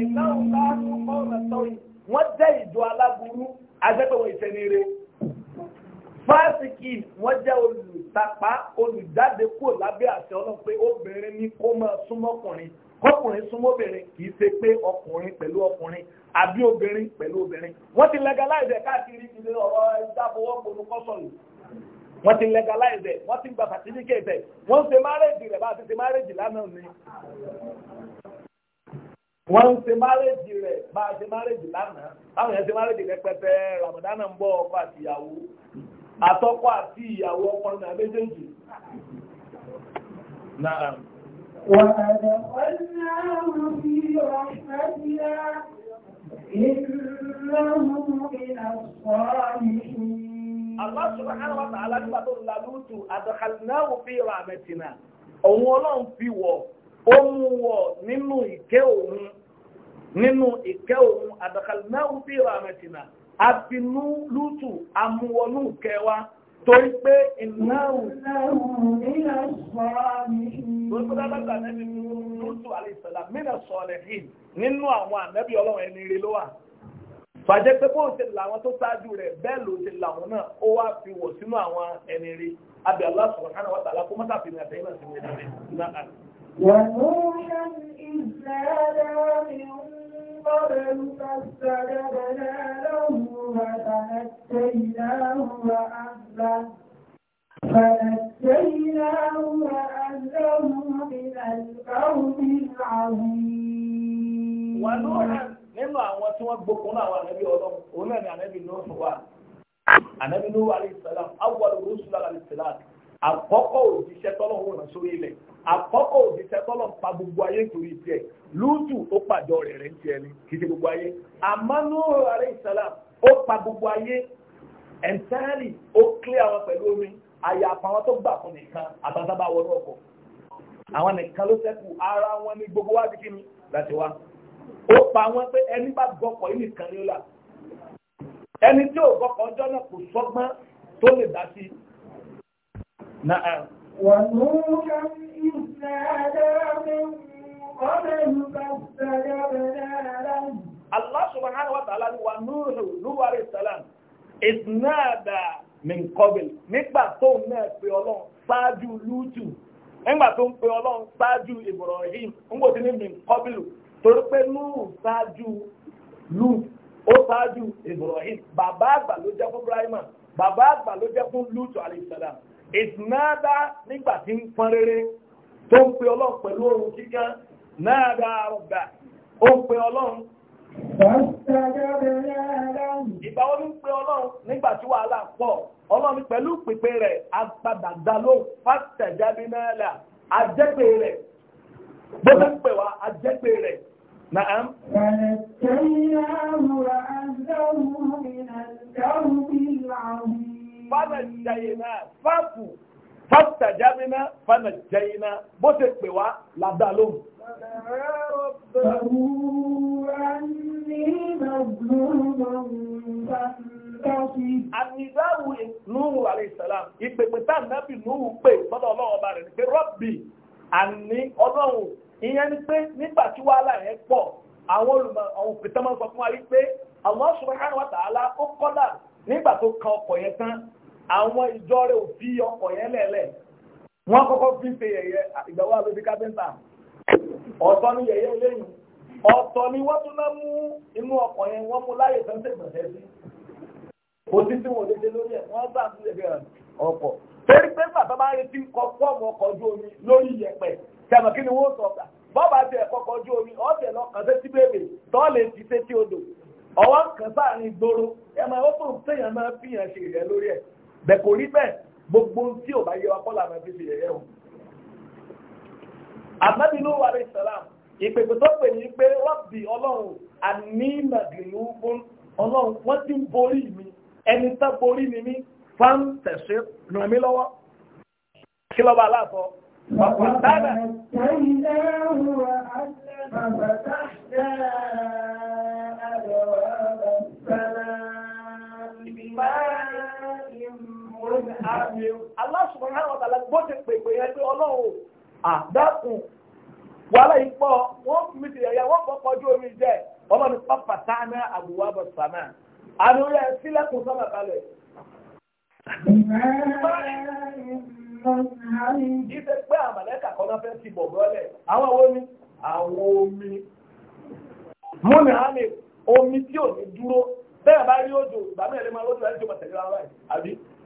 Ìnáwó bá tún mọ́ ọ̀nà sọ́yìn, wọ́n jẹ́ ìjọ aláburú, àjẹ́pẹ̀wọ̀n ìṣẹ́ni rẹ̀ fásitì wọ́n jẹ́ olùtapá olùjáde kúrò lábẹ́ àṣẹ Ọlọ́run pé obìnrin ní kó máa súnmọ́kùnrin kọkùnrin súnmọ́ kìí kì ṣe pé ọkùnrin pẹ̀lú ọkùnrin àbí obìnrin pẹ̀lú obìnrin wọ́n ti legalize káàkiri ilé ọ̀rọ̀ ìdábọ̀wọ́ kọ́sọ̀lù wọ́n ti legalize wọ́n ti gba certificate wọ́n ṣe márèjì rẹ̀ bá ti ṣe márèjì lánàá وأدخلناه في رحمتنا إنه من الصالحين الله سبحانه وتعالى nígbà tó lalútu adkhalnahu fi rahmatina òun ọlọ́run fi wọ̀ ó mú wọ̀ nínú ìkẹ́ òun nínú ìkẹ́ òun adkhalnahu fi rahmatina àfinú lútù amúwọnú kẹwàá torí pé ìnáwó nínú àwọn ànábì ọlọ́run ẹni rere ló wà fàjẹ́ pé bóun ṣe làwọn tó ṣáájú rẹ̀ bẹ́ẹ̀ ló ṣe làwọn náà ó wá fi wọ̀ sínú àwọn ẹni rere abẹ́ Allah subhanahu wa ta'ala kó mọ́tà fi nàìjíríà náà sí قبل فاستجبنا له فتنجيناه وأهله فنجيناه وأهله من القوم العظيم ونوحا nínú àwọn tí wọ́n wà ànábì Nuhu alayhi salam awwal rusul alayhi salam àkọ́kọ́ òjíṣẹ́ tọ́lọ́hún ràn sórí ilẹ̀ àkọ́kọ́ òjíṣẹ́ tọ́lọ́ pa gbogbo ayé nítorí tiẹ̀ lútù ó pàjọ rẹ̀ rẹ̀ ń tiẹ̀ ni kì í ṣe gbogbo ayé àmánú àrẹ ìsàlám ó pa gbogbo ayé ẹ̀ńtẹ́rì ó kílé àwọn pẹ̀lú omi àyà àpàwọn tó gbà fún nìkan àtàtàbà wọnú ọkọ̀ àwọn nìkan ló ṣẹ́kù ara wọn ní gbogbo wá sí kíni láti wá ó pa wọn pé ẹni bá gbọ́kọ̀ yìí nìkan ni ó là ẹni tí ò gbọ́kọ̀ ọjọ́ náà kò sọ́gbọ́n tó lè dá sí i نعم ونوحا إذ نادى من قبل فاستجبنا له الله سبحانه وتعالى ونوح نوح عليه السلام إذ نادى pe ọlọ́run ṣáájú lútù nígbà tó pe ọlọ́run ṣáájú ibrahim ńgbò tí min kọ́bìlù torí pé lúù ṣáájú lúù ó ṣáájú ibrahim bàbá àgbà ló jẹ́ fún ibrahim bàbá àgbà ló jẹ́ fún lútù alayhi salam ìsìnáàdá nígbà tí ń pọn rere tó ń pe ọlọ́run pẹ̀lú ohun kíkan náà ọgbà ó ń pe ọlọ́run Ìgbà pe rẹ̀ agbádàgbà ló fàtẹ̀jáde náà là, ajẹ́pè rẹ̀, bó fẹ́ fanajayina fáàkù fásitàjámínà fanajayina bó ṣe pè wá làdá lóhùn. Àníbáwù Nuhu àlèsàlám, ìpèpè tá nàbì Nuhu pè lọ́dọ̀ ọlọ́run ọba rẹ̀ ni pé rọ́bì àní ọlọ́run ìyẹn ni pé nígbà tí wàhálà yẹn pọ̀ àwọn olùmọ̀ àwọn òpìtàn máa ń sọ fún wa wípé Allah subhanahu wa ta'ala ó kọ́là nígbà tó kan ọkọ̀ yẹn tán àwọn ìjọ rẹ̀ ò fi ọkọ̀ yẹn lẹ̀lẹ̀ wọ́n kọ́kọ́ fi ṣe yẹ̀yẹ́ ìgbàwó àlóbi ni yẹ̀yẹ́ lẹ́yìn ọ̀tọ́ ni wọ́n tún náà mú inú ọkọ̀ yẹn wọ́n mú láyè tó ń tẹ̀ sí kò sí tí wọ́n kọ fọ́ọ̀mù ọkọ̀ ojú omi lórí iyẹ̀pẹ̀ tẹ̀mọ̀ kí ni wọ́n sọ bọ́ọ̀bà omi lọ kàn bèbè ti odò ọwọ́ kan gbòòrò ẹ̀ máa ó fún un fi hàn ṣe ìrẹ́ lórí ẹ̀ bẹ́ẹ̀ kò rí bẹ́ẹ̀ gbogbo tí ò bá yẹ wa kọ́lá àmọ́ fífi yẹ̀yẹ́ o. àmọ́bí ló wà lẹ́yìn sàlám ìpèpè tó pè ní pé wọ́n bì ọlọ́run àní màgìlú fún ọlọ́run wọ́n ti ń borí mi ẹni tá borí ni mí fán tẹ̀sí ràn mí lọ́wọ́ kí lọ́ba aláàfọ́. Wàkùntáàdà. Ìgbà ní àmì Allah subhanahu wa ta'ala bó ti pèpè yẹn pé ọlọ́run àdákùn wàhálà wọ́n kọjú omi pápá táná àbúwá bọ̀ sàmà sọ́mà balẹ̀. àmàlẹ́kà náà ti bọ̀ bọ́lẹ̀. Àwọn wo Àwọn omi. Múni omi tí ò ní dúró. Bẹ́ẹ̀ bá rí òjò,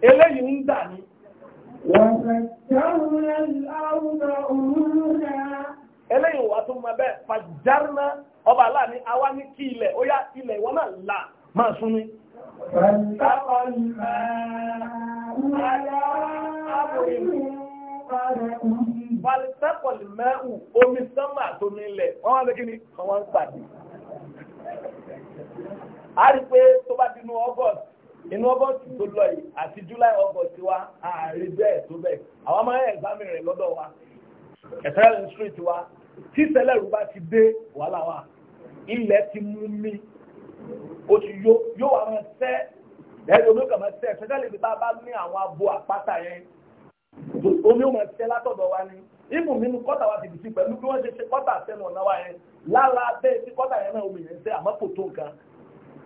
eléyìí ń dà ní eléyìí wà tó mọ bẹ́ẹ̀ fàjárínà ọba aláàní awá ní kí ilẹ̀ ó yá ilẹ̀ ìwọ náà là máa sún ní Fàlìsẹ́kọ̀lì mẹ́rù omi sánmà tó ní ilẹ̀, wọ́n wá lẹ́kí ni wọ́n ń pàdé. A rí pé tó bá dínú August, inú ọgọ́tù tó lọ yìí àti july august wa ààrẹ bẹ́ẹ̀ tó bẹ́ẹ̀ àwọn máa ń ẹ̀gbámi rẹ̀ lọ́dọ̀ wa ẹ̀fẹ́rẹ́lẹ̀ street wa tí sẹ́lẹ̀rù bá ti dé wàhálà wa ilẹ̀ ti mú mi ó ti yó yóò wà máa sẹ́ ẹ̀rọ omi kàn máa sẹ́ ẹ̀fẹ́rẹ́lẹ̀ ibi tá a bá ní àwọn abo àpáta yẹn omi ó máa sẹ́ látọ̀dọ̀ wa ni ibùn mi ní kọ́tà wa ti bìtì pẹ̀lú bí wọ́n ṣe ṣe kọ́tà sẹ́nu ọ̀nà wa yẹn lára bẹ́ẹ̀ tí kọ́tà yẹn náà omi yẹn sẹ́ àmọ́ kò tó nǹkan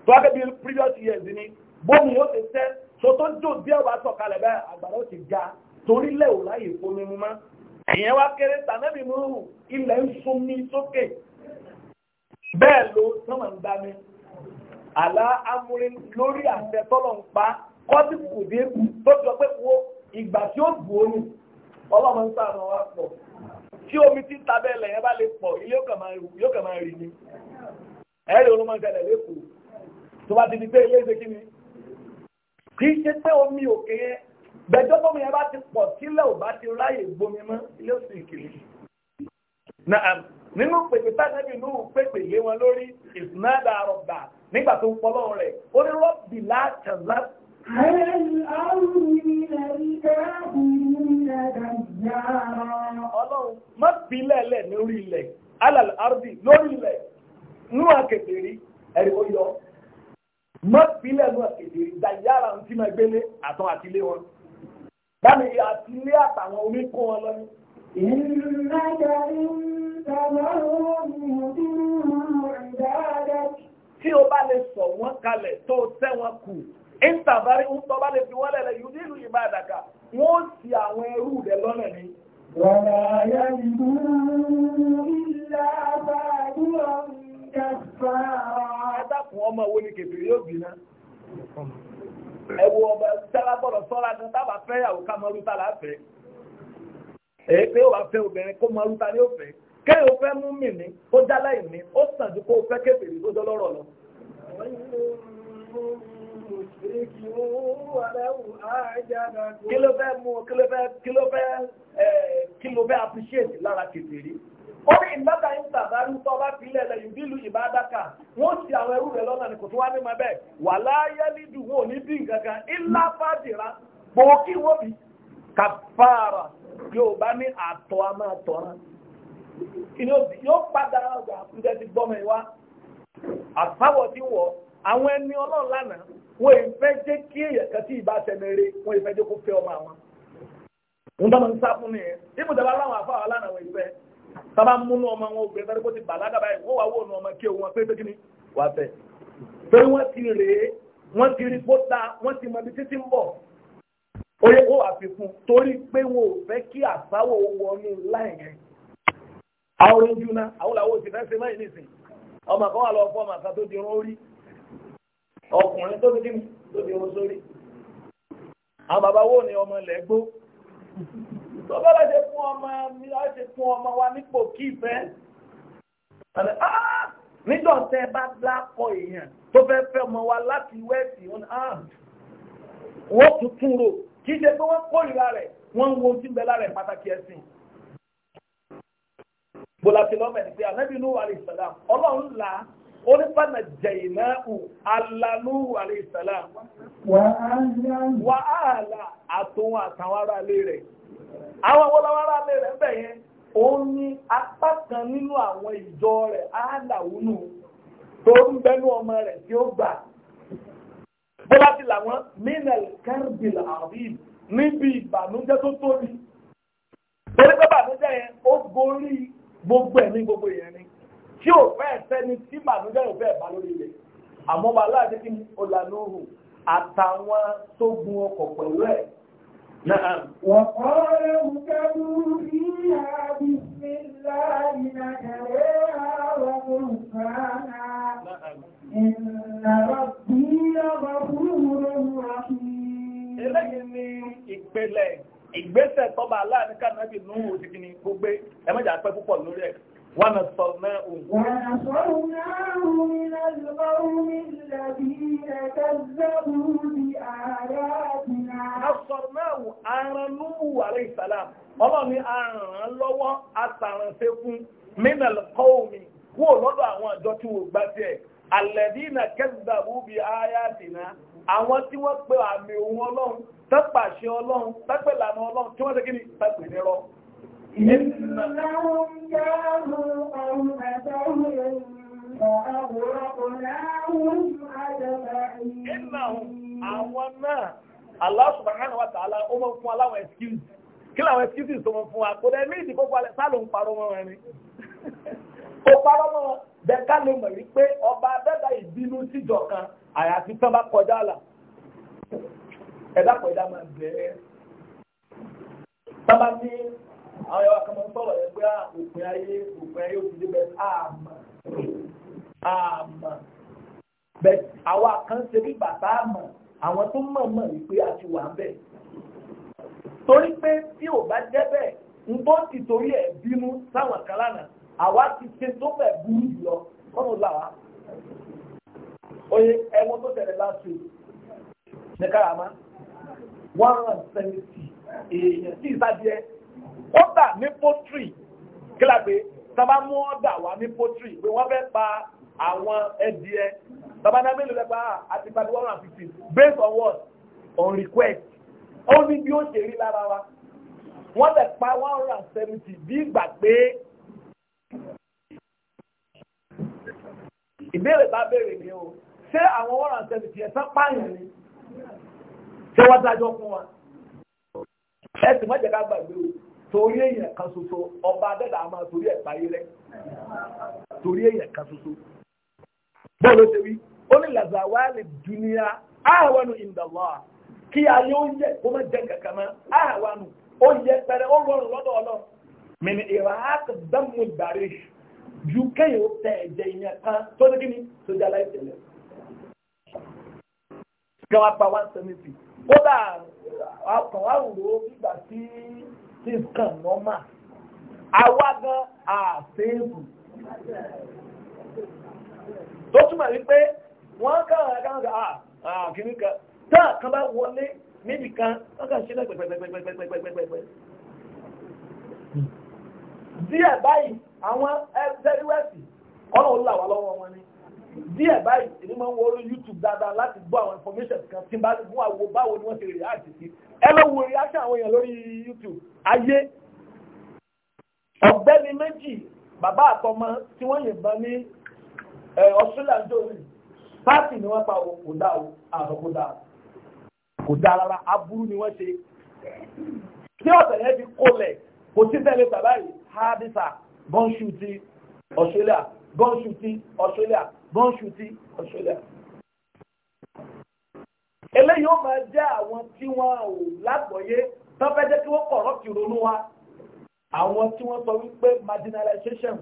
tó wá kẹ́bi previous years ni bómi yóò ti sẹ́ so tó jò díẹ̀ wá sọ̀kalẹ̀ bẹ́ẹ̀ àgbàdo ti ga torí lẹ̀ ò láyè fomi mu mọ́ ìyẹn wá kéré tànẹ́bì mú ilẹ̀ ń sunmi sókè bẹ́ẹ̀ ló sọ́mọ̀ ń dami àlá amúrin lórí àṣẹ tọ́lọ̀ ń pa kọ́sí kò dé tó sọ pé wo ìgbà tí ó bù ó ọlọ́mọ ń sàánà wá pọ̀ tí omi ti ń lẹ̀ yẹn bá lè pọ̀ yóò kàn máa rì ní ẹ̀rí olómọ̀ ń tẹ̀lẹ̀ lẹ́kọ̀ọ́ tó bá ti di pé ilé ìṣe kí ni kì í ṣe pé omi òkè yẹn gbẹjọ́ bọ́mọ yẹn bá ti pọ̀ sílẹ̀ ò bá ti ráyè gbomi mọ́ ilé òsì ìkìlì. nínú pèpè sáàtẹ́bì inú pèpè lé wọn lórí ìsìnàdà àrọ̀gbà nígbà tó ń pọ̀ lọ́wọ́ rẹ̀ ó ní rọ́bì láàtàn láti. Ọlọ́run má bílẹ̀ lẹ̀ lórí ilẹ̀ alàlárùbí lórí ilẹ̀ nínú àkètè rí ẹ̀rí ó yọ mọ́pìlẹ̀ náà èdè ìdáyàrá ń tí máa gbélé àtàn àtìlé wọn. Bámi àtìlé àtàwọn oníkó wọn lọ ní. Tí o bá lè sọ wọ́n kalẹ̀ tó tẹ́ wọn kù, ìtàbárí ń tọ́ bá lè fi wọ́n lẹ̀lẹ̀ yóò nílùú ìbá àdàkà, wọ́n ó sì àwọn ẹrú rẹ̀ lọ́nà ni. Wàlàyé ìlú ìlà bàdúrà mi ẹ̀dàkùn ọmọ wo ni kèfè fẹ́ obìnrin kó mọ rúta ní òfẹ́ kéèyàn fẹ́ mú mi ní ó jálá ìní ó sàn ju kó fẹ́ kèfè tó jọ lọ. kí ló fẹ́ mú kí ló fẹ́ appreciate lára kèfè ó ní ìnáta ń tàbárú tó bá fi lẹ́lẹ̀ yìí nílùú ìbádákà wọ́n ti àwọn ẹrú rẹ̀ lọ́nà ní kò tó wá ní ma bẹ́ẹ̀ wà láyé lídù wọn ò ní bí nǹkan kan ilá fàdìrà gbòókì wọ́n bí kàfàrà yóò bá ní àtọ̀ a máa tọ̀ra yóò padà ọjà àkúndẹ ti gbọ́mọ ìwá àtàwọ̀ ti wọ̀ àwọn ẹni ọlọ́run lánàá wọ́n ì jẹ́ kí èèyàn kan tí ì sábà múnú ọmọ wọn obìnrin tẹ́lẹ̀ kó ti bàlágà báyìí wọ́n wá wọ́n ọmọ kí wọn pé pé kíni wà fẹ́ torí wọ́n ti rèé wọ́n ti rí pótá wọ́n ti mọ ibi títí ń bọ̀ oye ó wà fi fún torí pé wọn ò fẹ́ kí àsáwọ̀ wọnú láì yẹn àwọn ojú náà àwọn làwọn fẹ́ ṣe máyì nísìn ọmọ kan wà lọ fọ́ màkà tó di irun orí ọkùnrin tó ti tó di irun sórí àwọn bàbá wo ni ọmọ ilẹ̀ tó bá láti fún ọmọ mi láti fún ọmọ wa nípò kí ìfẹ́ nígbà ah, tẹ bá dákọ èèyàn tó fẹ́ fẹ́ ọmọ wa láti wẹ́ẹ̀sì ah, wọ́n tún tún rò kì í ṣe pé wọ́n kórìíra rẹ̀ wọ́n ń wo tí ń bẹ lára ẹ̀ pàtàkì ẹ̀sìn bólátí lọ́mọ̀ ní pé ànábì Nuhu àlèsàlám ọlọ́run là onífànà jẹ̀yìnà ù alánúhù àlèsàlám wà áàlà àtòun àtàwọn ará ilé rẹ̀ àwọn wọlọ́wọ́lá lè rẹ̀ bẹ̀ yẹn ó ní apá kan nínú àwọn ìjọ rẹ̀ áàdàwúnú tó ń bẹnu ọmọ rẹ̀ tí ó gbà bó bá ti làwọn minel kẹ́rìbìlà àbíb níbi ìbànújẹ́ tó tóbi torí pé ìbànújẹ́ yẹn ó gorí gbogbo ẹ̀mí gbogbo ìyẹn ni tí ò fẹ́ sẹ́ni tí ìbànújẹ́ ò fẹ́ bá lórí ilẹ̀ àmọ́ bá aláàdé kí ni ọ̀làlóhùn àtàwọn tó gun ọkọ̀ pẹ̀lú ẹ̀ نعم وقال اركبوا فيها بسم الله مجريها ومرسانا نعم إن ربي لغفور رحيم eléyìí ni ìpele ìgbésẹ̀ tọ́ba aláàánú ká nàbì nù ó gbogbo ẹ pẹ́ púpọ̀ lórí ẹ̀ ونصرناهم ونصرناهم من القوم الذين كذبوا بآياتنا نصرناه أرنوه عليه السلام ọlọ́run ni a ràn án lọ́wọ́ àtàrànṣe fún minal qawmi kúrò lọ́dọ̀ àwọn àjọ tí wò gbá tiẹ̀ wọ́n pe àmì òun ọlọ́run tẹ́pàṣẹ ọlọ́run tẹ́pẹ̀lànà ọlọ́run tí wọ́n ṣe kí ni tẹ́pẹ̀ إنهم كانوا قوم سوء فأغرقناهم أجمعين إنهم أولا Allah subhanahu wa ta'ala ó mọ́ excuse kí láwọn excuses tó mọ́ fún wa kò dẹ̀ méjì kó falẹ̀ sálò ń parọ́ mọ́ wọn ni ó parọ́ mọ́ wọn bẹ́ẹ̀ ká ló mọ̀ wípé ọba abẹ́dà ìbínú síjọ kan àyàfi tán bá kọjá là ẹ̀dá kọjá máa bẹ̀ẹ́ tán àwọn ẹwà kan mọ́ sọ̀rọ̀ ẹ̀ pé ah, òpin ayé òpin ayé òfin dé bẹ́ẹ̀ àmà àmà bẹ́ẹ̀ àwa kan ṣe bí bàtà àmà àwọn tó mọ̀ mọ̀ wípé a ti wà ń bẹ̀. torí pé tí ò bá jẹ́ bẹ́ẹ̀ ń bó ti torí ẹ̀ bínú sáwọn kan lánàá àwa ti ṣe tó fẹ́ burú jùlọ kọ́nù làwa. oye ẹ̀wọ̀n tó tẹ̀lé láti ní káràmá one hundred and seventy èèyàn tí ì kódà ní pọ́tírì kílàgbé tábà mú ọ̀dà wá ní pọ́tírì pé wọ́n fẹ́ pa àwọn ẹdìẹ tábà náà mélòó lẹ́pa àti pàdé one hundred and fifty based on what on request ó ní bí ó ṣe rí lára wa wọ́n lè pa one hundred and seventy bí ìgbà pé ìbéèrè bá béèrè ni o ṣé àwọn one hundred and seventy ẹ̀sán pààyàn ni ṣé wọ́n dájọ́ fún wa ẹ sì gbàgbé o. torí èèyàn kan soso ọba adẹ́dà a máa torí ẹ̀pá rẹ̀ torí èèyàn kan ṣoṣo. bọ́ọ̀lù ṣe wí ó ní làzàwá lè dúníà àwọnù kí ayé ó kó má jẹ kankan mọ́ àwọnù ó pẹrẹ ó rọrùn lọ́dọ̀ ọlọ́ mìíní ìwà àkàdámù ju kéèyàn tẹ ẹ̀jẹ̀ ìyẹn kan tó ní kíni tó jẹ́ kí wọ́n pa one seventy tí nǹkan nọ́mà àwa gan àfẹ́ẹ̀bù tó túmọ̀ wípé wọ́n káwọn ẹ̀ka ọ̀gá àkíní kan táà kan bá wọlé níbì kan wọ́n kàn ṣe náà pẹ̀pẹ̀pẹ̀pẹ̀pẹ̀pẹ̀pẹ̀ díẹ̀ báyìí àwọn ẹgbẹ́ wẹ́sì ọlọ́run làwà lọ́wọ́ wọn ni díẹ̀ báyìí èmi máa ń wọ orí YouTube dáadáa láti gbọ́ àwọn information kan tí bá ti fún àwo báwo ni wọ́n ti react sí ẹ lọ wo reaction àwọn èèyàn lórí YouTube ayé ọ̀gbẹ́ni méjì bàbá àtọmọ tí wọ́n yìnbọn ní Australia jòlì pààtì ni wọ́n pa kò dá o àbọ̀ kò dá kò dá rárá aburú ni wọ́n ṣe tí ọ̀sẹ̀ yẹn ti kólẹ̀ kò sí tẹ́lẹ̀ bàbá yìí hádìsà gọ́ńṣù ti Australia gọ́ńṣù ti Australia bọ́n ṣùtì Australia. eléyìí ó máa jẹ́ àwọn tí wọ́n ò lágbọ̀ọ́yé tó fẹ́ jẹ́ kí wọ́n kọ̀rọ̀ kì ronú wa àwọn tí wọ́n sọ wípé marginalization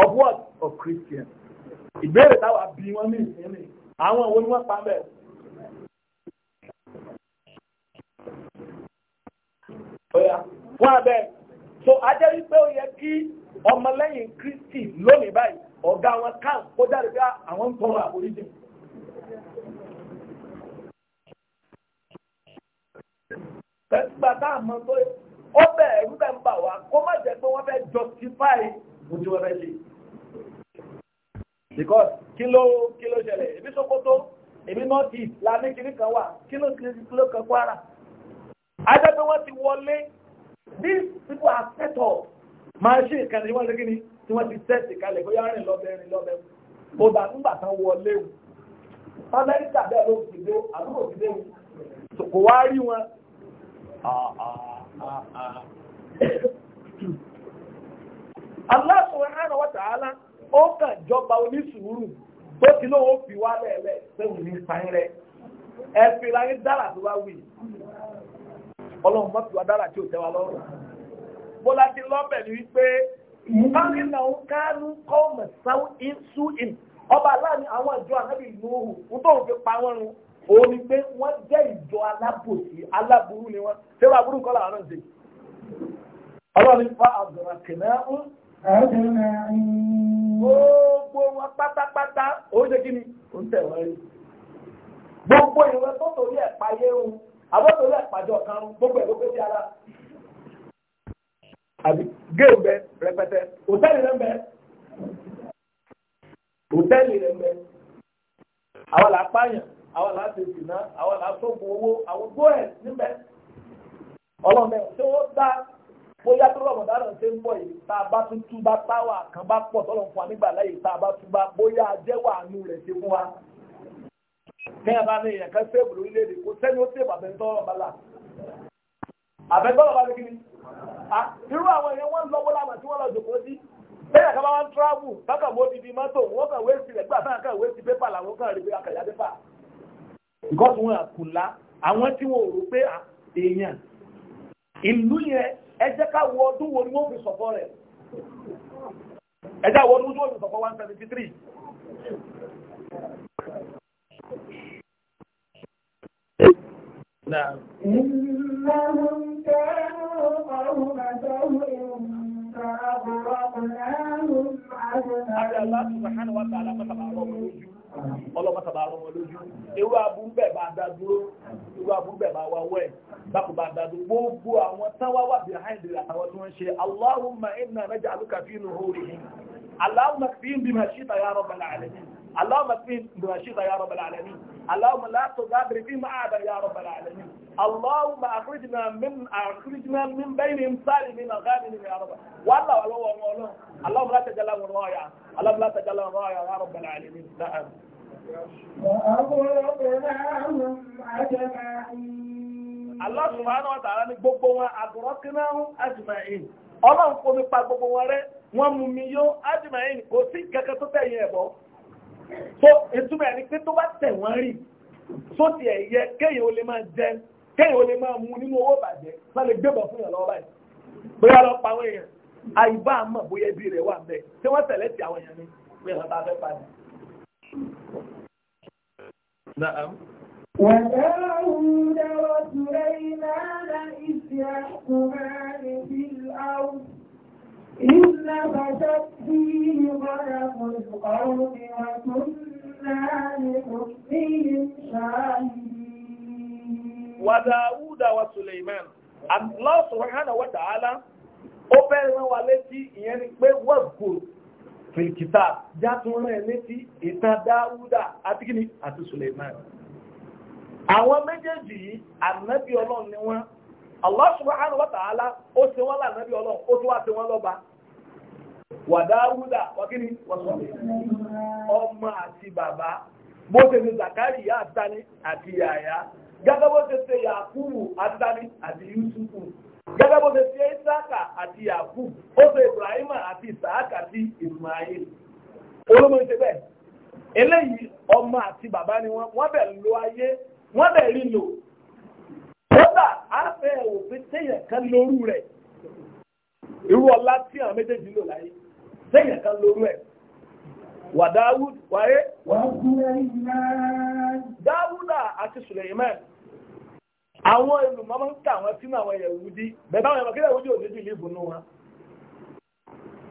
of what of Christian ìbéèrè táwa bí wọ́n ní ìsinmi àwọn òun ni wọ́n pa bẹ́ẹ̀. wọ́n abẹ́ so ajẹ́ wípé ó yẹ kí ọmọlẹ́yìn Kristi lónìí báyìí ọ̀gá wọn kan kó jáde pé àwọn ń tọrọ àforíjì pẹ̀lúgbà táà mọ́ tó ó bẹ̀rẹ̀ rúbẹ̀ ń bà wá kó má jẹ́ pé wọ́n fẹ́ justify ohun tí wọ́n fẹ́ ṣe because kí ló kí ló ṣẹlẹ̀ èmi Sókótó èmi north east la ní kiri kan wà kí ló kí ló kan Kwara ajá pé wọ́n ti wọlé these people are set up máa ṣe ìkànnì wọn lé kí ni tí wọ́n ti tẹ́sì kalẹ̀ bóyá rìn lọ́bẹ̀ rìn lọ́bẹ̀ mo bá nígbà tán wọlé o amẹ́ríkà bẹ́ẹ̀ ló ti dé àbúrò ti dé o kò wá rí wọn. Allah subhanahu wa ta'ala ó kàn jọba onísùúrù tó ti lóun ó fi wá lẹ́ẹ̀lẹ́ sẹ́wọ̀n ní sáyẹn rẹ̀ ẹ fi ra yín dára tó bá wì ọlọ́run mọ́tò wa dára tí ò tẹ́ wa lọ́rùn. bó la ti lọ́bẹ̀ ni wípé Ìbánilàun kánú kọ́ọ̀mù sáwọ́n súin. Ọba láàrin àwọn ìjọ ànábì Nuhu, tó ń fi pa wọ́n ni pé wọ́n jẹ́ ìjọ alábòsí, aláburú ni wọ́n. Ṣé wàá burú kọ́lá àárọ̀ ṣe? Ọlọ́run fa àgbọ̀rọ̀ ń. Gbogbo wọn pátápátá, ó ṣe kí ni? Gbogbo ìwé tó torí ẹ̀ payé ń, gbogbo ẹ̀ ló pé àbí géèmù bẹ rẹpẹtẹ òtẹ́ẹ̀lì rẹ bẹ òtẹ́ẹ̀lì rẹ bẹ àwọn là pààyàn àwọn là ṣe ìsìná àwọn là sóògùn owó àwọn gbọ́ ẹ̀ níbẹ̀ ọlọ́mọ tí wọ́n dá bóyá tó rọ̀mọ̀dá náà ṣe ń bọ̀ yìí tá a bá tún túbá táwa kan bá pọ̀ tọ́lọ̀ fún wa nígbà láyè tá a bá túbá bóyá ajẹ́wà àánú rẹ̀ ṣe fún wa kẹ́yìn bá ní èèyàn kan ṣéèbù lórílẹ̀-èdè kò sẹ́ni ó ṣèbà bẹ́ẹ̀ bá là àbẹ́tọ́lọ̀ bá ní kí ni Ah, irú àwọn èèyàn wọ́n lọ́wọ́ lámà tí wọ́n lọ jòkó sí bẹ́ẹ̀ kí wọ́n travel bákan mọ́ bíbí mọ́tò wọ́n kàn wéèsì rẹ̀ gbà sáà kàn wéèsì pépà làwọn kàn rí pé akàyà pépà because wọn àkùnlá àwọn tí wọn ò rò pé ah, èèyàn ìlú yẹn ẹ jẹ́ ká wo ọdún wo ni wọ́n fi sọ̀fọ́ rẹ̀ ẹ jẹ́ àwọn ọdún tí wọ́n fi sọ̀fọ́ one seventy three. Thank you. نعم إنهم كانوا قوم فأغرقناهم Allah subhanahu wa ta'ala mọ́tàbà àwọn ọmọ lójú. Ọlọ́mọ́tàbà àwọn ọmọ lójú. Ewu abúgbẹ̀ bá dá dúró. Ewu abúgbẹ̀ bá wá wẹ̀. Bákò bá dá dúró. Gbogbo àwọn táwa wà behind the àtàwọn tí wọ́n ṣe. Allahumma inna naj'aluka fi nuhurihim. Allahumma kfihim bima shi'ta ya rabbal alamin. اللهم اكفهم برشيد يا رب العالمين اللهم لا تغادر فيهم أعدا يا رب العالمين اللهم أخرجنا من أخرجنا من بين بينهم من غانمين يا رب والله والله والله اللهم لا تجلى الرايا اللهم لا تجلى الرايا يا رب العالمين نعم Allah subhanahu wa ta'ala ni gbogbo wọn àbúrọ́kínáhùn ajma'in. Ọlọ́run kò mi pa gbogbo wọn rẹ̀, wọ́n mú mi yó ajma'in kò sí kẹ́kẹ́ tó tẹ̀yìn ẹ̀bọ́ so ìtumọ̀ ẹni pé tó bá tẹ̀ wọ́n rí tó ti ẹ̀yẹ kéèyàn ó lè máa jẹ kéèyàn ó lè máa mu nínú owó bàjẹ́ má lè gbébọ̀ fún yàn lọ́wọ́ báyìí bóyá lọ pa àwọn èèyàn àyíbá àmọ̀ bóyá ibi rẹ̀ wà bẹ́ẹ̀ tí wọ́n tẹ̀lé ti àwọn èèyàn ni pé wọ́n bá fẹ́ padà. وَدَاوُدَ وَسُلَيْمَانَ إِذْ يَحْكُمَانِ فِي الْأَرْضِ إن بدت فيه Allah subhanahu wa ta'ala ó fẹ́ rán wa létí ìyẹn ni pé wọ́gbò fìkìtà já tún rán létí ìtàn Dáúdà àti kíni àti Suleiman. Àwọn méjèèjì yìí ànábì Ọlọ́run ni wọ́n Allah subhanahu wa ta'ala ó ṣe wọ́n lànà bí ọlọ́run ó tún wá wọ́n lọ́ba wàdáwúdà wákìní wọ́sọ̀rọ̀ ọmọ àti bàbá bó ṣe ṣe zakari yá àtàní àti yàyà gẹ́gẹ́ bó ṣe ṣe àtàní àti yusufu gẹ́gẹ́ bó ṣe ṣe isaka àti ó ṣe ibrahima àti àti ismail ṣe bẹ́ẹ̀ eléyìí ọmọ àti bàbá ni wọ́n bẹ̀ lo ayé wọ́n bẹ̀ rí lò kódà afẹ́ òfin téèyàn kan lórú rẹ̀ irú ọlá tí àwọn méjèèjì lò láyé téèyàn kan lórú ẹ̀ wà dáwùd wáyé dáwùdà àti sùlẹ̀yìmẹ́ àwọn olùmọ́ máa ń ta àwọn sínú àwọn Yẹhudi bẹ̀bá àwọn ìmọ̀kílẹ̀ ìwúdí ò níbi ìlú nù wọn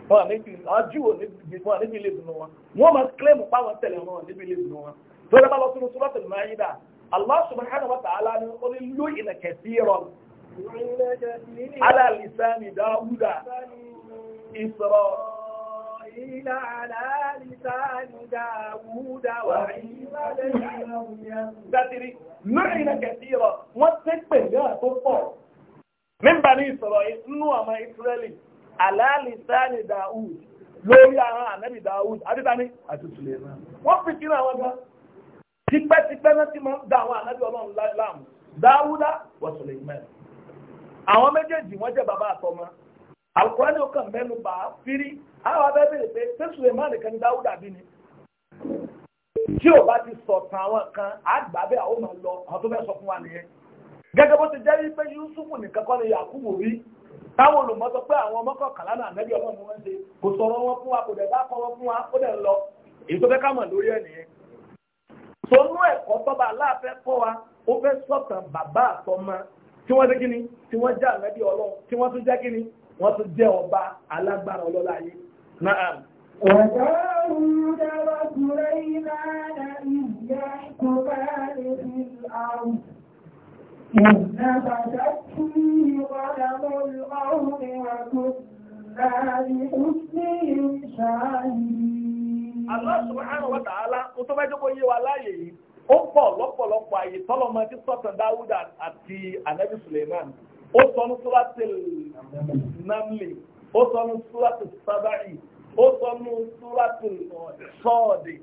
wọn níbi ajú ò níbi ìlú nù wọn wọn máa kílẹ̀mù pa àwọn tẹ̀lé wọn níbi ìlú nù wọn tó lọ́ba lọ sínú sọ́lọ́tẹ̀ lọ́yìn dáa Allah subhanahu wa ta'ala ni ó ní lóyìn kẹsíran ala lisani Dawuda Israel. إسرائيل على لسان داوود وعيسى بن مريم لعن كثيرا وتكبر تطور من بني إسرائيل نوع ما إسرائيل على لسان داوود lórí àwọn ànábì dáwùd àti tani àti sùlẹ̀mán wọ́n fi kí tipẹ́tipẹ́ náà ti máa ń da àwọn ànábì ọlọ́run láàmú dáwúdá wa Sulaiman àwọn méjèèjì wọ́n jẹ́ bàbá àtọmọ alukurani ó kàn mẹ́nu bá fírí àwọn abẹ́ bèrè pé ṣé Sulaiman nìkan ni dáwúdà bí ni tí ò bá ti sọ̀tàn àwọn kan àgbàbẹ́ àwọn máa lọ àwọn tó fẹ́ sọ fún wa nìyẹn gẹ́gẹ́ Yusufu nìkan ni Yakubu rí táwọn olùmọ́tọ́ pé àwọn náà ṣe kò sọ̀rọ̀ wọn fún wa kò dẹ̀ bá kọ́ wọn fún wa tonú ẹ̀kọ́ tọ́ba aláàfẹ́ kọ́ wa ó fẹ́ sọ̀tàn bàbá àtọmọ tí wọ́n dé kíni tí wọ́n jẹ́ àlẹ́bí ọlọ́run tí wọ́n tún jẹ́ kíni wọ́n tún jẹ́ ọba alágbára ọlọ́lá ayé náà. وَدَاوُدَ وَسُلَيْمَانَ إِذْ يَحْكُمَانِ فِي الْأَرْضِ إِذْ نَبَتَتْ فِيهِ غَنَمُ الْقَوْمِ وَكُنَّا بِحُسْنِهِمْ شَاهِدِينَ Allah subhanahu wa ta'ala ó tó fẹ́ jókòó yé wa láàyè yìí ó pọ̀ lọ́pọ̀lọpọ̀ àyè tọ́lọ́mọ tí sọ̀tàn Dáwúdà àti Ànábì Suleiman ó sọ ní súrátì Namli ó sọ ní súrátì Sábàì ó sọ ní súrátì Sọ́ọ̀dì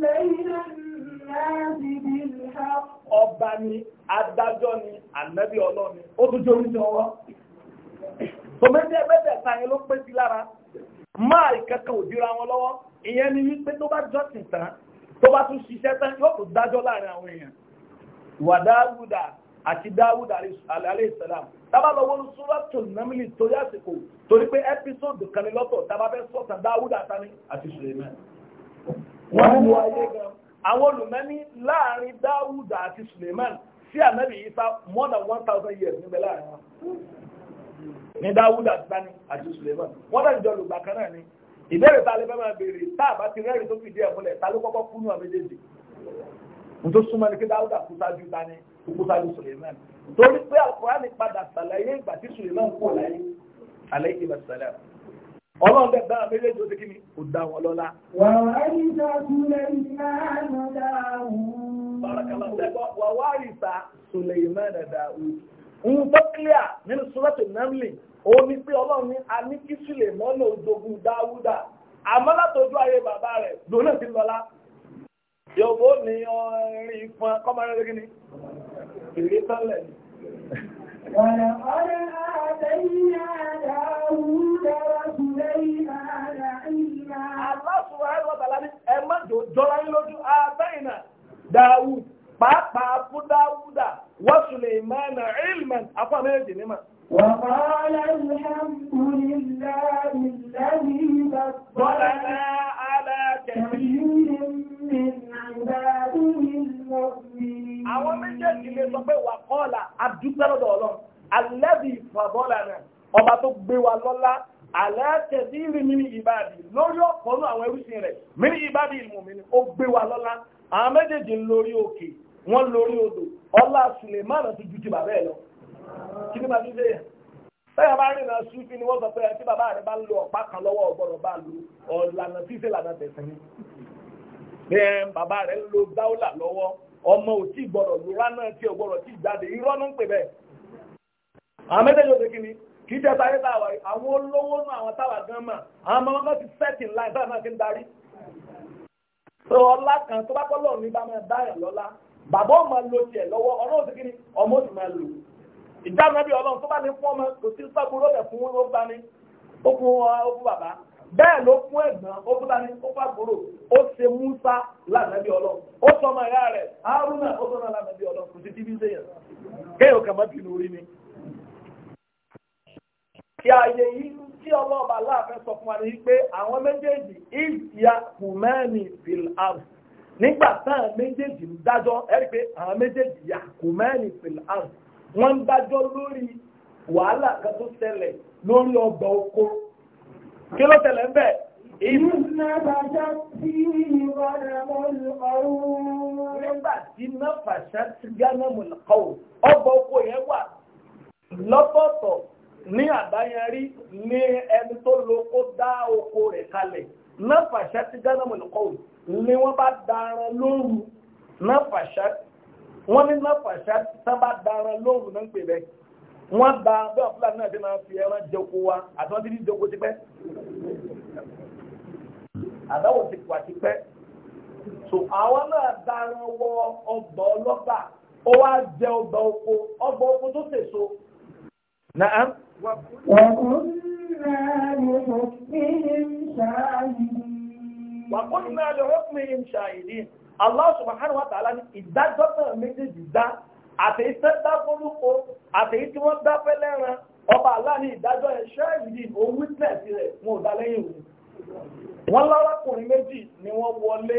lẹ́yìn Ọba ni, adájọ́ ni, ànábì ọlọ́ni, ó tún jẹ́ oríṣi ọwọ́. Tòmẹ́tì ẹgbẹ́tẹ̀ẹ̀ta yẹn ló pé sí lára. Máa ìkẹ́kẹ́ òdíra wọn lọ́wọ́. Ìyẹn ni wípé tó bá jọ́sìn tán, tó bá tún ṣiṣẹ́ tán, yóò tún dájọ́ láàrin àwọn èèyàn. Ìwà Dáwúdà àti Dáwúdà aláìsàlám. Tábà lọ wọ́n súrọ́tù námìlì torí àsìkò torí pé ẹ́písòdù kan ní lọ́tọ̀ tábà fẹ́ sọ̀tàn Dáwúdà tání àti Sùlẹ̀mẹ́. Wọ́n mú ayé gan àwọn olùmẹ́ni láàrin dáúdà àti suleiman sí ànábì Ìsá more than one thousand years níbẹ̀ láàrin wọn ní dáúdà àti tani àti suleiman wọ́n dẹ̀ jọ lùgbà kan náà ni ìbéèrè tá a lè fẹ́ máa béèrè tá a bá ti rẹ́rìí tó fìdí ẹ̀ múlẹ̀ ta ló kọ́kọ́ kú ní ọmọ méjèèjì nítorí súnmọ́ ni kí dáúdà kú sáájú tani kú sáájú suleiman torí pé Al-Kùránì padà sàlàyé ìgbà tí suleiman kú láyé alayhi wa sallam ọlọ́run bẹ̀ bá méjèèjì tó ti kí ni kò dá wọn lọ́lá. wàwá ìsà Suleiman Dawud. bàrákàlà sẹ́kọ̀ wàwá ìsà Dawud. ń tó clear nínú sọ́rọ́tò nàmlì ó ní pé ọlọ́run ní a ní kí Suleiman òjògùn dáwúdà àmọ́ látọjú ayé bàbá rẹ̀ lòun náà ti lọ́lá. yòówó ni ọ̀rìn ìfọn kọ́mọrẹ́ lókè ni kìrì sọ́lẹ̀ ni. ولقد آتينا داود Dawud pàápàá fún Dáwúdà wa ilman afọ́ méjì nímà. وقال الحمد لله الذي فضلنا على كثير من عباده المؤمنين. Àwọn méjèèjì lè sọ pé wàkọ́ọ̀là adúgbẹ́rọ̀dọ̀ ọlọ́run, alẹ́bí fàbọ́là náà, ọba tó gbé wa lọ́lá alátẹ̀síri mini ìbáàdì lórí ọ̀pọ̀lú àwọn ẹrúsìn rẹ̀ mini ìbáàdì ìmùmínì ó gbé wa lọ́lá àwọn méjèèjì lórí òkè wọ́n lórí odò ọlá Suleiman ti ju ti bàbá ẹ̀ lọ kí ni màá dúdé yẹn bẹ́ẹ̀ bá rìn náà sùn fi ni wọ́n sọ pé tí bàbá bá lo ọ̀pá kan lọ́wọ́ ọ̀gbọ́dọ̀ lo kì í jẹ́ sáré táwa àwọn olówó náà àwọn táwa gan mọ̀ àwọn ọmọ wọn ti sẹ́tì ńlá ìfẹ́ náà ti ń darí. ọlá kan tó bá kọ́ lọ́ọ̀ ní bá máa dáyà lọ́lá bàbá ọmọ lo tiẹ̀ lọ́wọ́ ọlọ́run ti kíni ọmọ ti máa lò. ìjà nàbí ọlọ́run tó bá ní fún ọmọ kò sí sọ́kùnrin ó lẹ̀ fún ó bá ní ó fún ó fún bàbá bẹ́ẹ̀ ló fún ẹ̀gbọ́n ó fún tani ó fún àbúrò ó ṣe Musa lànàbí ọlọ́run ó sọ ọmọ ìyá rẹ̀ Haruna ó sọ náà lànàbí ọlọ́run kò sí tíbi sẹ́yìn kéèyàn kà ti ààyè yìí tí ọmọ ọba aláàfẹ́ sọ fún wa ní pé àwọn méjèèjì ìyá kùmẹ́ẹ̀nì bil ard nígbà táwọn méjèèjì ń dájọ́ ẹ̀rí pé àwọn méjèèjì yà kùmẹ́ẹ̀nì bil ard wọ́n ń dájọ́ lórí wàhálà kan tó ṣẹlẹ̀ lórí ọgbà oko kí ló ṣẹlẹ̀ ń bẹ̀. Nígbà tí náfàṣà ti gánà mọ̀lẹ́kọ̀ọ́ ọgbà oko yẹn wà lọ́tọ̀ọ̀tọ̀ ní àdáyẹrí ní ẹni tó lo kó dá oko rẹ̀ kalẹ̀ náà fàṣẹ ti gánà mọ̀lẹ́kọ̀ọ́ ni wọ́n bá daran lóru náà fàṣẹ wọ́n ní náà fàṣẹ tán bá daran lóru náà ń pè bẹ́ẹ̀ wọ́n da bí ọ̀fúlà náà ti máa fi ẹran jẹko wa àti wọ́n ti ní jẹko ti pẹ́ àdáwò ti wà ti pẹ́ so àwọn náà daran wọ ọgbà ọlọ́gbà ó wá jẹ ọgbà oko ọgbà oko tó tèso. نعم وقلنا لحكمهم شاهدين وقلنا لحكمهم شاهدين Allah subhanahu wa ta'ala ní ìdájọ́ náà méjèèjì dá àtèyí tẹ́ dá fólúkọ àtèyí tí wọ́n dá fẹ́ lẹ́ran ọba Allah ní ìdájọ́ ẹ̀ ṣáàyìí òun wítẹ̀sì rẹ̀ wọn ò lẹ́yìn òun. Wọ́n lárakùnrin méjì ni wọ́n wọlé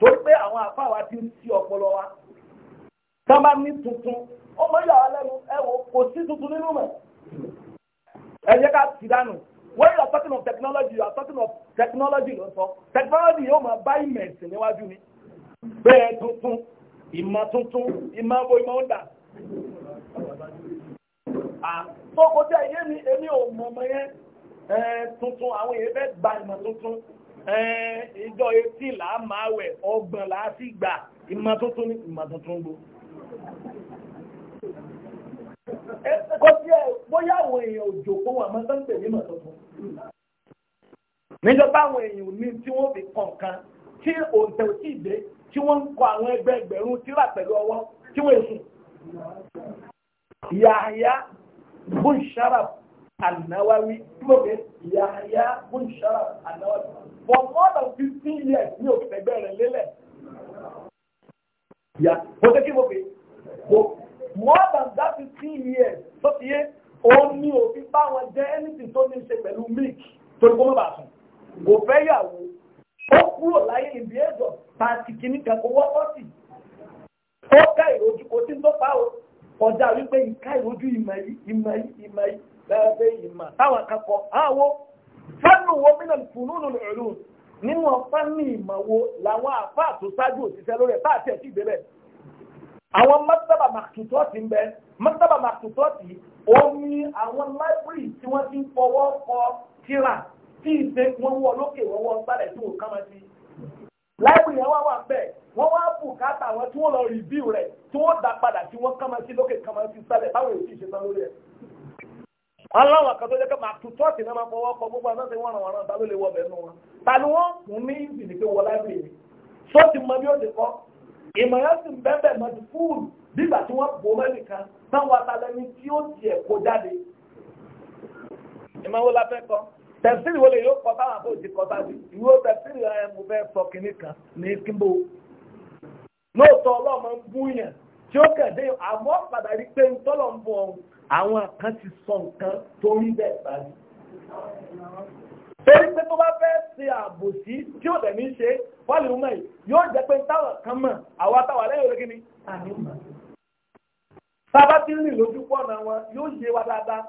torí pé àwọn àfa wa ti ń ti ọpọlọ wa tá bá ní tuntun ó mọ ìyàwó lẹ́nu ẹ kò sí tuntun nínú mẹ́ ẹ jẹ́ ká ti dànù when you are talking of technology you are talking of technology ló sọ technology yóò máa bá ìmẹ̀sìn níwájú mi bẹ́ẹ̀ tuntun ìmọ̀ tuntun ìmọ̀ owó ìmọ̀ ó dà tó kọjá ìyé mi èmi ò mọ̀ ọmọ yẹn tuntun àwọn èèyàn fẹ́ gba ìmọ̀ tuntun ìjọ etí làá máa wẹ̀ ọgbọ̀n làá sì gbà ìmọ̀ tuntun ní ìmọ̀ tuntun gbò bóyá àwọn èèyàn ò jòkó wọn máa ń pè ní ìmọ̀ tuntun níjọba àwọn èèyàn ò ní tí wọ́n fi kàn kan tí òǹtẹ̀ ò tíì dé tí wọ́n ń kọ àwọn ẹgbẹ́ ẹgbẹ̀rún tíra pẹ̀lú ọwọ́ tí wọ́n èsùn. Yahya bun Sharaf An-Nawawi lóde for more than fifteen years ní òfin ẹgbẹ́ rẹ̀ lélẹ̀. Ìyá mo ṣe kí mo pè é more than that fifteen years So tó fi yé òun ní òfin báwọn jẹ́ anything tó ní ṣe pẹ̀lú milk torí kó má bàa sùn. Kò fẹ́ yàwó ó kúrò láyé ìdí ẹ̀jọ̀ pàtì kìíní kan kó wọ́pọ̀ sí. Ó ká ìrojú kò sí tó pa o ọjà wípé ìka ìrojú ìmọ̀ yìí ìmọ̀ yìí ìmọ̀ yìí bẹ́ẹ̀ bẹ́ẹ̀ ìmọ̀ táwọn akẹ́kọ̀ọ́ àwọn fẹ́nu wo mí náà fún nínú ìlú nínú ọ̀pá ní ìmọ̀ wo làwọn àfa àtúnṣájú òṣìṣẹ́ lórí ẹ̀ bá àti ẹ̀tí ìgbé bẹ́ẹ̀. àwọn mọ́tàbà màkìtọ́ ti ń bẹ mọ́tàbà màkìtọ́ ti ó ní àwọn láìbírì tí wọ́n ti ń fọwọ́ kọ tíra tí ìṣe wọn wọ lókè wọn wọ sálẹ̀ tí wọn kàn sí. láìbírì yẹn wá wà ń bẹ̀ wọ́n wá bùkátà àwọn tí wọ́n lọ rìbíù rẹ̀ tí wọ́n dá padà tí wọ́n kàn sí lókè kàn sí ti ṣe tán lórí ẹ̀ aláwọ̀ kan tó jẹ́ pé màá tu tọ́ọ̀tì náà máa fọwọ́ kọ gbogbo àtàtì wọn àwọn ọ̀ràn ta ló lè wọ ọbẹ̀ wọn ta ni wọ́n fún ní ìbìlì pé wọlá ìbìlì mi sọ́ọ̀tì mọ bí ó ti kọ́ ìmọ̀ yẹn sì ń bẹ́ẹ̀ mọ́tò fúùlù nígbà tí wọ́n bò mẹ́rin kan táwọn atalẹ́ni tí ó tiẹ̀ kó jáde ìmọ̀wó la fẹ́ kọ́ tẹ̀sílì wo lè yóò kọ́ táwọn àbò àwọn kan ti sọ nǹkan tó rí bẹ́ẹ̀ báyìí. torí pé tó bá fẹ́ ṣe àbòsí tí ò dẹ̀ ní ṣe wọ́n lè mú ẹ̀ yóò jẹ́ pé táwọn kan mọ̀ àwọn àtàwọn alẹ́ yóò rí ni àní mọ̀ sábà tí ń rìn lójú pọ̀nà wọn yóò yé wa dáadáa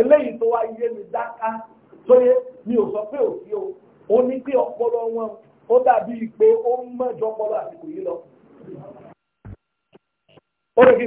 eléyìí tó wá yé mi dáká sóyè mi ò sọ pé òsì o ó ní pé ọpọlọ wọn ó dàbí pé ó ń mọ̀jọ ọpọlọ àsìkò yìí lọ. ó lè kí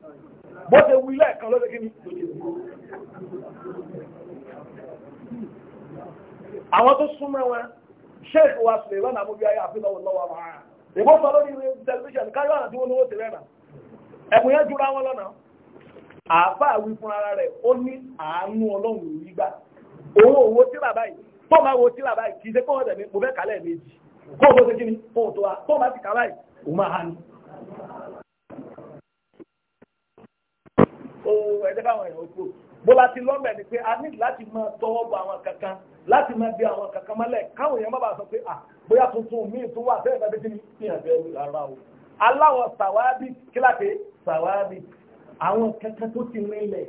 bó ṣe wí lẹ́ẹ̀kan ló ṣe kí ni àwọn tó súnmọ́ wọn sheikh wa suleiman amubi ayé àfihàn wọn lọ́wọ́ wọn ìbò sọ lórí tẹlifíṣàn káyọ̀ àti wọn ni wọ́n ti rẹ̀ náà ẹ̀bùn yẹn jura wọn lọ́nà àbá àwí fún ara rẹ̀ ó ní àánú ọlọ́run yìí gbà òun òwò tí bàbá yìí tó máa wo tí bàbá yìí kì í ṣe kó wọ́n tẹ̀mí mo fẹ́ kálẹ̀ méjì kó o tó ṣe kí ni kó o tó wa tó o ti kálẹ̀ yìí ohun ẹ̀dẹ́ báwọn èèyàn bó la ti lọ́mọ̀ ni pé a ní láti máa tọwọ́ bọ àwọn kankan láti máa bí àwọn kankan mọ́lẹ̀ káwọn èèyàn má sọ pé à bóyá tuntun míì tún wà sẹ́yìn tàbí kíni fi hàn bẹ́ẹ̀ rárá o aláwọ̀ sàwábì kíláàpé sàwábì àwọn kankan tó ti rinlẹ̀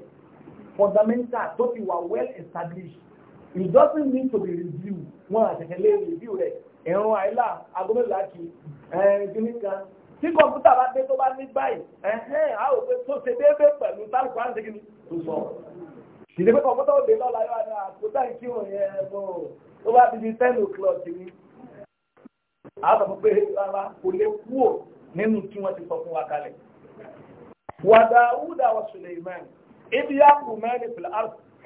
fundamental tó ti wà well established it doesn't need to be reviewed wọn àtẹ̀kẹ́lé review rẹ̀ ẹ̀rùn àìlà agomẹ́lá kì ẹ̀ẹ́dínníkan tí kọ̀mpútà bá dé tó bá ní báyìí ẹ̀hẹ́n a ò pé tó ṣe déédéé pẹ̀lú tálùkù á ń segin tó sọ. ìdí pé kọ̀mpútà ó dé lọ́la yóò àná àkótá ìkírun yẹn mọ́ ó bá ti di ten o'clock ni. a sọ fún pé rárá kò lè kúrò nínú tí wọ́n ti sọ fún wa kalẹ̀. wàdà wúdà wa Suleiman ibi yà kù mẹ́rin fìlà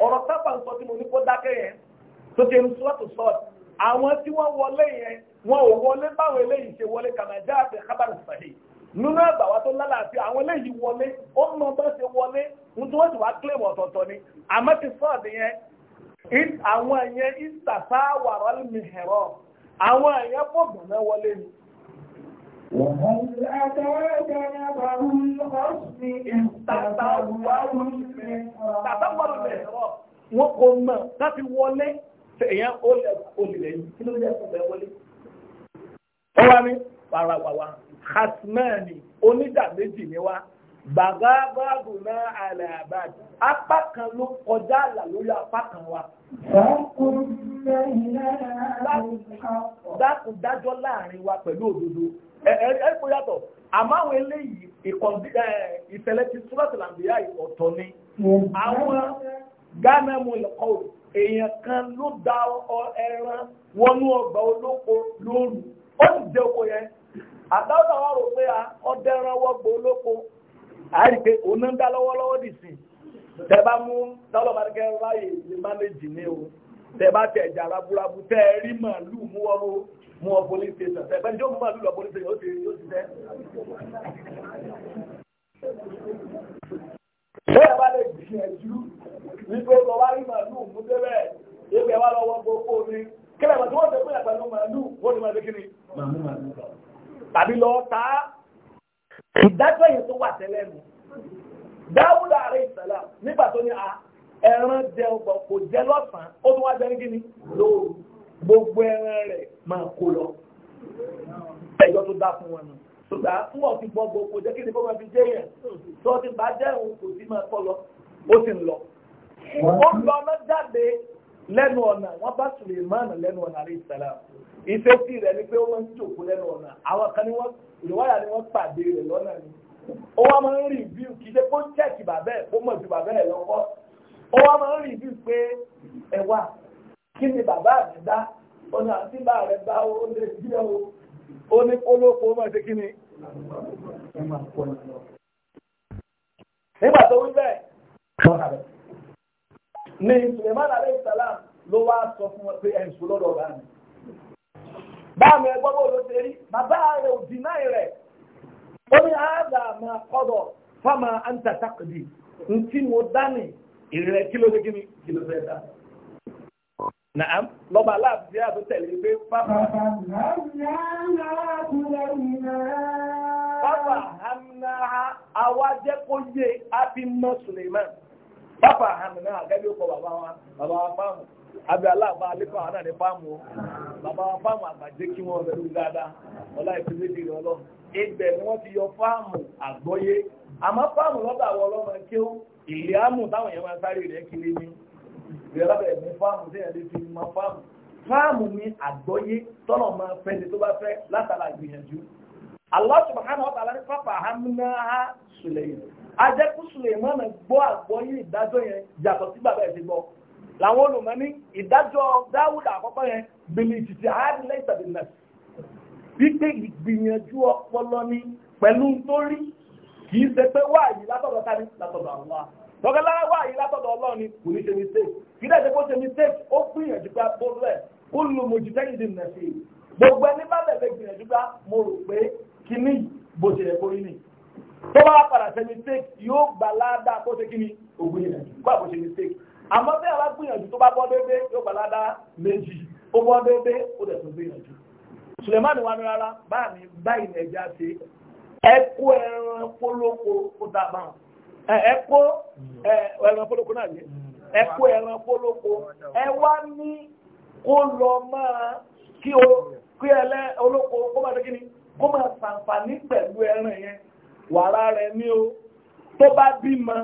ọ̀rọ̀ sábà ń sọ tí mo ní kó dákẹ́ yẹn tó ti ń sọ́ọ̀tù sọ́ọ̀tù àwọn tí wọ́n wọlé yẹn wọn ò wọlé báwọn eléyìí ṣe wọlé kàmájá àti kábàrì fàdé nínú àgbàwá tó lálàáfíà àwọn eléyìí wọlé ó mọ bá ṣe wọlé nítorí wọ́n ti wá kílèmù ọ̀tọ̀ọ̀tọ̀ ni àmọ́ ti sọ́ọ̀dì yẹn àwọn yẹn ìsàtà wàrà mi hẹ̀rọ àwọn yẹn fọ̀gbọ̀nà wọlé ni. وهل أتاك نبأ الخصم إذ èèyàn ó lẹ olùlẹ̀ yìí kí ló lè fún bẹ́ẹ̀ wọlé. ó wá ní parawàwà hasmani onídà méjì ni wá bàbá báàbù náà àlẹ́ àbájá apá kan ló kọjá àlà lórí apá kan wa. dákun dájọ́ láàrin wa pẹ̀lú òdodo ẹ kó yàtọ̀ àmọ́ àwọn eléyìí ìṣẹ̀lẹ̀ ti súrọ̀tì làǹdíyà ọ̀tọ̀ ni àwọn gánà mu lọ́kọ̀ọ́ èèyàn kan ló da ẹran wọnú ọgbà olóko lóru ó sì jẹ oko yẹn àtàwọn àwọn rò pé ọdẹ ẹran wọgbà olóko àyè pé òun náà ń dá lọ́wọ́lọ́wọ́ dì sí tẹ́bá mú tọ́lọ́bàdìkẹ́ ráyè ní mánéjì ní o tẹ́bá tẹ̀ ẹ̀jà raburabu tẹ́ ẹ rí màálù mú ọrọ̀ mú ọ police station tẹ́bá ní tí ó mú màálù lọ police station ó ti yóò ti tẹ́. bẹ́ẹ̀ bá lè gbìyànjú ní kó lọ wá rí màálù mú débẹ̀ débẹ̀ wá lọ́wọ́ gbogbo omi kílẹ̀ màtí wọ́n ti pín àpẹẹrẹ màálù wọ́n ti máa dé kíni màálù màálù tàbí lọ ta ìdájọ́ yẹn tó wà tẹ́lẹ̀ nù dáwúdà àrẹ ìsàlá nígbà tó ní a ẹran jẹ ọgbọ kò jẹ lọ́sàn-án ó tún wá jẹ ní kíni lóòrù gbogbo ẹran rẹ̀ máa kó lọ ẹjọ́ tó dá fún wọn nù ṣùgbà ń bọ̀ ti gbọ́ gbogbo jẹ́ kí ni bó fi jẹ́ yẹn tó ti bá jẹ́ òun kò sí máa kọ́ lọ ó sì ń lọ ó lọ lọ jáde lẹ́nu ọ̀nà wọ́n bá Suleiman lẹ́nu ọ̀nà àrí ìsàlá ìfẹ́sí rẹ̀ ni pé ó máa ń jòkó lẹ́nu ọ̀nà àwọn kan ni wọ́n ìwáyà ni wọ́n pàdé rẹ̀ lọ́nà ni ó wá máa ń rìvíw kì í ṣe kó ń chẹ́ẹ̀kì bàbẹ́ ẹ̀ kó mọ̀ ju bàbẹ́ ẹ̀ lọ́kọ́ ó wá máa ń rìvíw pé ẹ wà kí ni bàbá mi dá ọ̀nà àti bá rẹ̀ bá ó lè jí ẹ o ó ní kólókó máa ṣe kí ni. nígbà tó wí bẹ́ẹ̀ ní Suleiman alayhi salam ló wá sọ fún wọn pé ẹ̀ ń sọ lọ́dọ̀ bá mi. báàmì bó ló ṣe rí bàbá rẹ̀ ò dì náà rẹ̀ ó ní àádà máa kọ́dọ̀ fáma àǹtà takdì ntí mo dání ìrẹ̀ kí ló dé kí ni dá. Nàám lọ́ba aláàbí ṣe yé Suleiman. pápá àmì náà gẹ́gẹ́ kọ bàbá wa bàbá wa fáàmù abẹ́ aláàbá alẹ́kọ̀ọ́ àwọn náà ní fáàmù bàbá wa fáàmù àgbàjẹ́ kí wọ́n rẹ̀ lù dáadáa ọlá ìpínlẹ̀ èdè rẹ̀ ọlọ́ ibẹ̀ ni wọ́n ti yọ fáàmù àgbọ́yé àmọ́ fáàmù lọ́dọ̀ àwọn ọlọ́mọ kí ó ìlé àmù táwọn èèyàn máa sáré rẹ̀ kiri ni ìrẹ́lábẹ̀ ní fáàmù tí ẹ̀lẹ́ fi mọ fáàmù fáàmù ni àgbọ́yé tọ́nà ajẹ́kùsùlè mọ́nà gbọ́ àgbọ́yé ìdájọ́ yẹn yàtọ̀ sí bàbá ẹ̀sìn gbọ́ làwọn olùmọ̀ ní ìdájọ́ dáwùdà àkọ́kọ́ yẹn bìlì títí àádìlẹ́ ìtàdínlẹ̀ wípé ìgbìyànjú ọpọlọ ni pẹ̀lú torí kì í ṣe pé wáàyí látọ̀dọ̀ tani látọ̀dọ̀ àwọn tọ́gẹ́lá wáàyí látọ̀dọ̀ ọlọ́run ni kò ní ṣe mistake kí dẹ̀ ṣe kó ṣe mistake ó gbìyànjú pé abúlẹ̀ kó lu mojìtẹ́yìn dì nẹ̀ sí gbogbo ẹni bá bẹ̀rẹ̀ gbìyànjú pé mo rò pé kíní bó ṣe yẹ kó rí nìyí tó bá padà ṣe mistake yóò gbà ládàá kó ṣe kí ni ògùn yẹn kó àbò ṣe mistake àmọ́ bí àwọn agbìyànjú tó bá bọ́ déédéé yóò gbà ládàá méjì ó bọ́ déédéé ó dẹ̀ tó gbìyànjú Sulemani wa ni rárá báàmì báyìí ní ẹja ṣe ẹkó ẹran polówó kó dábà ẹkó ẹran polówó náà ní ẹkó ẹran polówó ẹ wá ní kó lọ máa kí ẹlẹ́ olóko kó máa ṣe kí ni kó máa ṣàǹfààní pẹ̀lú ẹran yẹn wàrà rẹ̀ ní o tó bá bímọ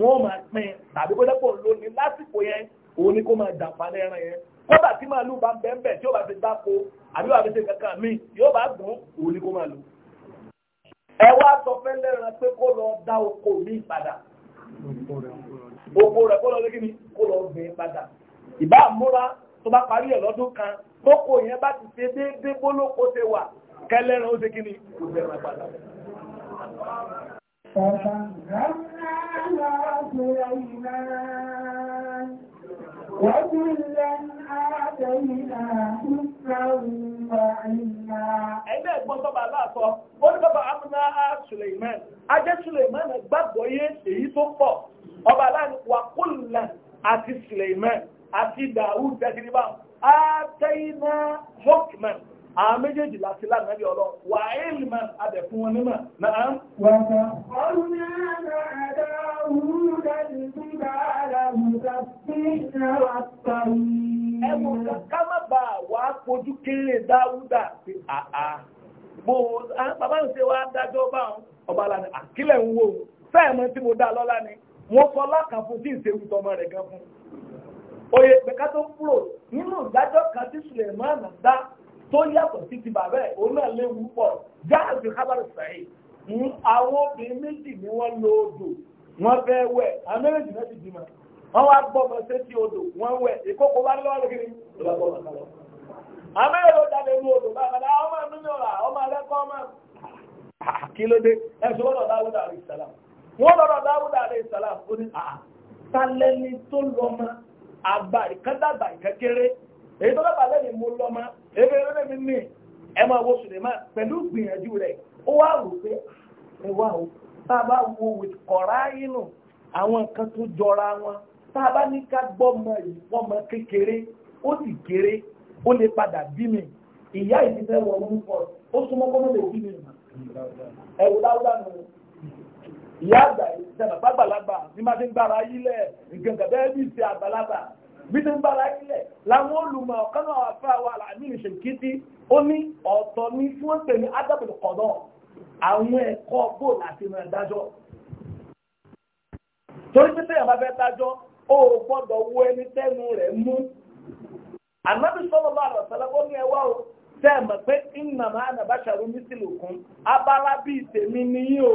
wọ́n máa pín tàbí kó dẹ́pọ̀ lónìí lásìkò yẹn òun ni kó máa jàǹfààní ẹran yẹn kódà tí màálù bá ń tí ó bá ti dáko àbí wàá fi ṣe kankan míì yóò bá gùn òun ni kó máa lò. ẹ wá sọ fẹ́ lẹ́ran pé kó lọ dá oko mi padà oko rẹ̀ kó lọ lé kíni kó lọ gbìn padà ìbá múra tó bá parí ẹ̀ lọ́dún kan tóko yẹn bá ti ṣe déédéé bólóko ṣe wà kẹlẹ́ran ó ṣe kíni kò bẹ̀rẹ̀ padà. فسخرنا مع سليمان وكلا آتينا حكما وعلما ẹgbẹ́ ẹ̀gbọ́n tó bàbá àkọ́ ó ní bàbá amúná á Suleiman ajẹ́ Suleiman gbàgbọ́ yé èyí tó pọ̀ ọba aláàánú wà kúlẹ̀ àti Suleiman àti Dawud tẹ́tìrìbá á tẹ́yìnà hokman àwọn méjèèjì láti lánàbí ọlọ́run wà ilman adẹ̀kún wọn nímọ̀ náà ń wọ́ta. ọ̀rùn náà àdá òwúrọ̀ ìdúgbà àlàmùsà sí ìrọ̀pá yìí. ẹ̀mọ̀ ká má bà wá fojú kéré dáúdà sí àá. bó bàbá ń ṣe wá dájọ́ bá wọn ọba lánà àkílẹ̀ ń wò fẹ́ẹ̀ mọ tí mo dá lọ́lá ni wọ́n fọlá kan fún tí ìṣèwù tọmọ rẹ̀ gan fún. oyè pẹ̀ká tó kúrò nínú ìdájọ́ kan tí Suleiman dá tó yàtọ̀ sí ti bàbá ẹ̀ òun náà léwu pọ̀ jáàzì kábàrì sàì hmm, àwọn obìnrin méjì ni wọ́n lo odò wọ́n fẹ́ wẹ̀ amẹ́rẹ́jì náà ti bímọ wọ́n wá gbọ́mọ sí ti odò wọ́n wẹ̀ ìkókò bá lọ́wọ́ lókèrè amẹ́rẹ́jì ló jáde ní odò bá kàdá ọmọ mi ní ọ̀la ọmọ alẹ́kọ́ ọmọ ah, kí ló dé ẹ̀sùn wọ́n lọ dáwúdà àlè ìsàlám wọ́n lọ́rọ̀ dáwúdà àlè ìsàlám ó ní àtàlẹ́ni ah, tó lọ́mọ àgbà ìkẹ́dàgbà ìkẹ́kẹ́rẹ́ èyí tó lọ́pàá lẹ́yìn mo lọ ma mi ní ẹ máa wo sùlẹ̀mà pẹ̀lú gbìyànjú rẹ̀ ó wá rò pé ah, ẹ wá o tá a bá wo with kọ̀rá inú àwọn nǹkan tó jọra wọn tá a bá ní ká gbọ́ mọ ìfọ́mọ kékeré ó sì kéré ó lè padà bí mi ìyá ìdí fẹ́ wọ ọmọ pọ̀ ó súnmọ́ kọ́ mọ́lẹ̀ bí mi ẹ̀wù dáúdà nù ìyá àgbà ìjàmbá gbàgbàlagbà ní má ti ń gbára yílẹ̀ ìgbẹ̀ngàbẹ́ẹ́bí ti àgbàlagbà bídí ń bára ilẹ̀ làwọn olùmọ̀ ọ̀kan náà wà fún àwọn àlàmì ìṣèkìtì ó ní ọ̀tọ̀ ní tí wọ́n pè ní adábòlù kọ̀dọ̀ àwọn ẹ̀kọ́ bóòlù àti ìmọ̀ ìdájọ́ torí pé tẹ́yà bá fẹ́ dájọ́ ó gbọ́dọ̀ wo ẹni tẹ́nu rẹ̀ mú ànábì sọ́nà bá rọ̀ sọ́lá ó ní ẹwà o tẹ́ pé ìnà máa nà bá ṣàrú ní sílùkún abala bíi tèmi nìyí o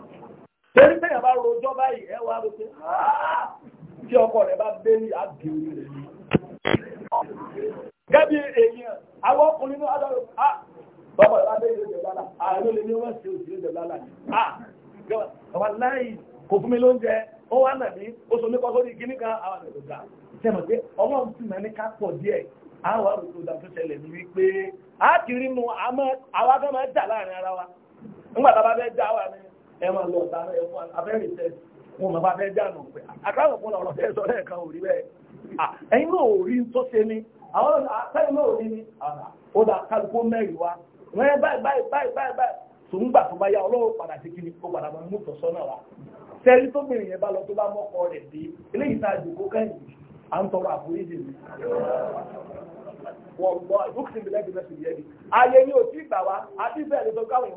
torí pé ọjọba rojọ́ báyìí ẹ wá rojọ́ ah! tí ọkọ rẹ̀ bá bẹ́ẹ̀ àgbèrè rẹ̀ gẹ́bí àwọn ọkùnrin náà ah! bàbá lálà ààrẹ ah! lè ní wọ́n ṣe òṣèré lálà ní à bàbá kò fún mi lóúnjẹ ó wà nàbí ó sórí kíní kan àwọn pé ti ní ká pọ̀ díẹ̀ àwọn àròkọ ìdàtọ̀ ṣẹlẹ̀ ní wípé a ẹ lọ wọn ọ̀rọ̀ tẹ́ sọ lẹ́ẹ̀kan bẹ́ẹ̀ tó ṣe àwọn náà ni kálukú mẹ́rin wa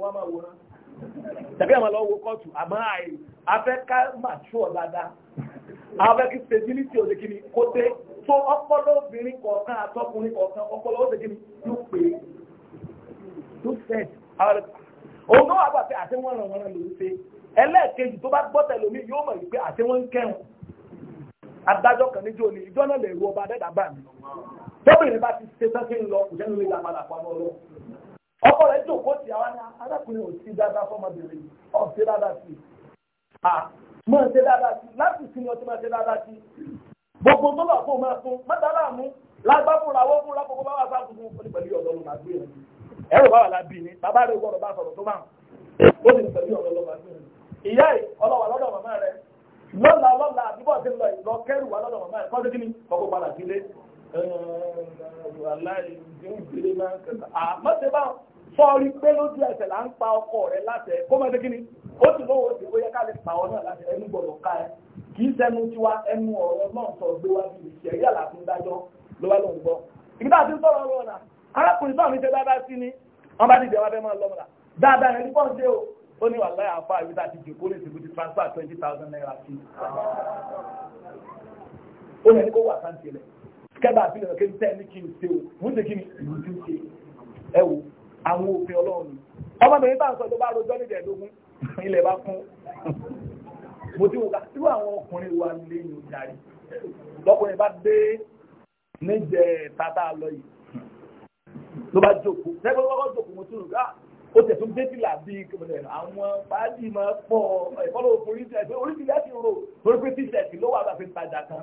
wọ́n a tàbí àmà lọ wo kọ́ọ̀tù àmọ́ àì afẹ́ ká màṣú ọ̀ dáadáa stability ò lékìní kó dé tó ọpọlọ obìnrin kọ̀ọ̀kan àtọkùnrin kọ̀ọ̀kan ọpọlọ ó lékìní yóò pè é tó fẹ́ òun náà wà pàṣẹ àti wọn ràn wọn ràn lòún ṣe ẹlẹ́ẹ̀kejì tó bá gbọ́ tẹ̀lómi yóò mọ̀ wípé àti wọn ń kẹ́hùn adájọ́ kan níjó ni ìjọ náà lè ru ọba adẹ́dàgbà mi tóbi bá ti ṣe tán kí n lọ kò sẹ́nu lè dá ọlọ́run ọkọ rẹ̀ jòkó tí àwa ní arákùnrin ò sí dáadáa fọmọbìnrin ọ̀sẹ̀ dáadáa sí i máa ṣe dáadáa sí i láti sinmi ọtí máa ṣe dáadáa sí i gbogbo tó lọ fún máa fún mẹ́ta láàmú lágbá fúnra wọ́n fúnra gbogbo bá wà sáà tuntun fún pẹ̀lú ọ̀dọ́ ló máa gbé yẹn ẹ̀rọ bá wà lábí ni bàbá rẹ̀ gbọ́dọ̀ bá sọ̀rọ̀ tó máa ó sì ní pẹ̀lú ọ̀dọ́ ló máa gbé yẹn ìyá yìí ọlọ́wà lọ́dọ̀ màmá rẹ̀ lọ́la lọ́la àbíbọ̀ ti lọ ìlọ kẹ́rù wà lọ́dọ̀ màmá rẹ̀ kọ́ sí kí ni kọ́kọ́ padà sílé sọ́ọ́rí pé lójú ẹsẹ̀ là ń pa ọkọ rẹ̀ láti ẹ̀ kó mọ́tẹ́ kíni ó sì lówó sí ó yẹ ká lè pa ọ náà láti ẹnu gbọ̀dọ̀ ká ẹ kì í sẹnu tiwa ẹnu ọ̀rọ̀ náà sọ gbé wá bí ìṣẹ̀ yà láti ń dájọ́ ló wá lóun gbọ́. ìgbà tí ń sọ̀rọ̀ ọ̀rọ̀ ọ̀nà arákùnrin náà mi ṣe dáadáa sí ni wọ́n bá dìde wá fẹ́ máa lọ́mọ̀dà dáadáa ẹni pọ́n ṣe o ó ní wàhálà àfa àbí tá a ti jù kó lè ṣe ti transfer twenty thousand naira sí i. ó yẹ kó wà sáǹtì rẹ̀ kẹ́bà àbílẹ̀ kí n tẹ́ ní kí n ṣe o mo ń ṣe kí ni ìlú ti ń ṣe ẹ wò àwọn òfin ọlọ́run ọmọbìnrin bá ń sọ tó bá rojọ́ nídẹ̀ lógún ilẹ̀ bá kún mo ti wò ká tí àwọn ọkùnrin wa lè yùn jàre lọ́kùnrin bá dé níjẹ tata lọ yìí ló bá jókòó tẹ́gbẹ́ lọ́kọ́ jókòó mo tún rò ká ah, ó tẹ̀ tó dé bìlà bíi àwọn fàájì máa pọ̀ ìfọ́lọ́ oríṣi ẹ̀fẹ́ oríṣi láti rò lórí pé tíṣẹ̀tì ló wà láti tajà kan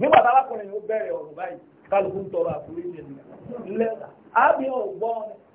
nígbà tá alákùnrin yóò bẹ̀rẹ̀ ọ̀rọ̀ báyìí kálukú ń tọrọ àforíjì ni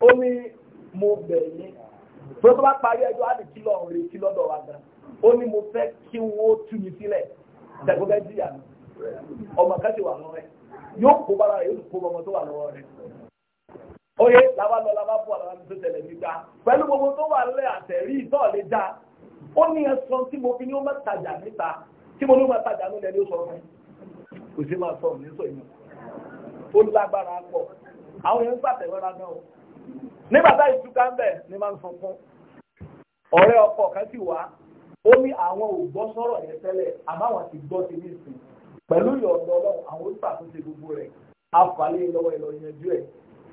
ó ní mo bẹ̀ yín tó tó bá parí ẹjọ́ á lè kí lọ rè kí lọ́dọ̀ wa gan ó ní mo fẹ́ kí wọ́n tú mi sílẹ̀ dẹ̀kọ́ bẹ́ẹ̀ jìyà mi ọmọ kan ti wà lọ́wọ́ rẹ̀ yóò kó oye làwa lọ làwa bọ̀ làwa tó tẹ̀lé nígbà pẹ̀lú gbogbo tó wà lẹ́ àtẹ̀rí ìtọ́ lè dá ó ní ẹ̀sán tí mo fi ní ó tajà níta tí mo ní tajà ní àwọn èèyàn gbàtẹ̀wẹ́ra náà o nígbàtà ìtúkà ń bẹ̀ ní máa ń sunkún ọ̀rẹ́ ọkọ kan sì wá ó ní àwọn ò gbọ́ sọ̀rọ̀ yẹn tẹ́lẹ̀ àmọ́ àwọn ti gbọ́ sí nísìn pẹ̀lú ìyọ̀ǹda ọlọ́run àwọn onígbà tó ṣe gbogbo rẹ̀ àfàlẹ́ lọ́wọ́ ìlọ yanjú ẹ̀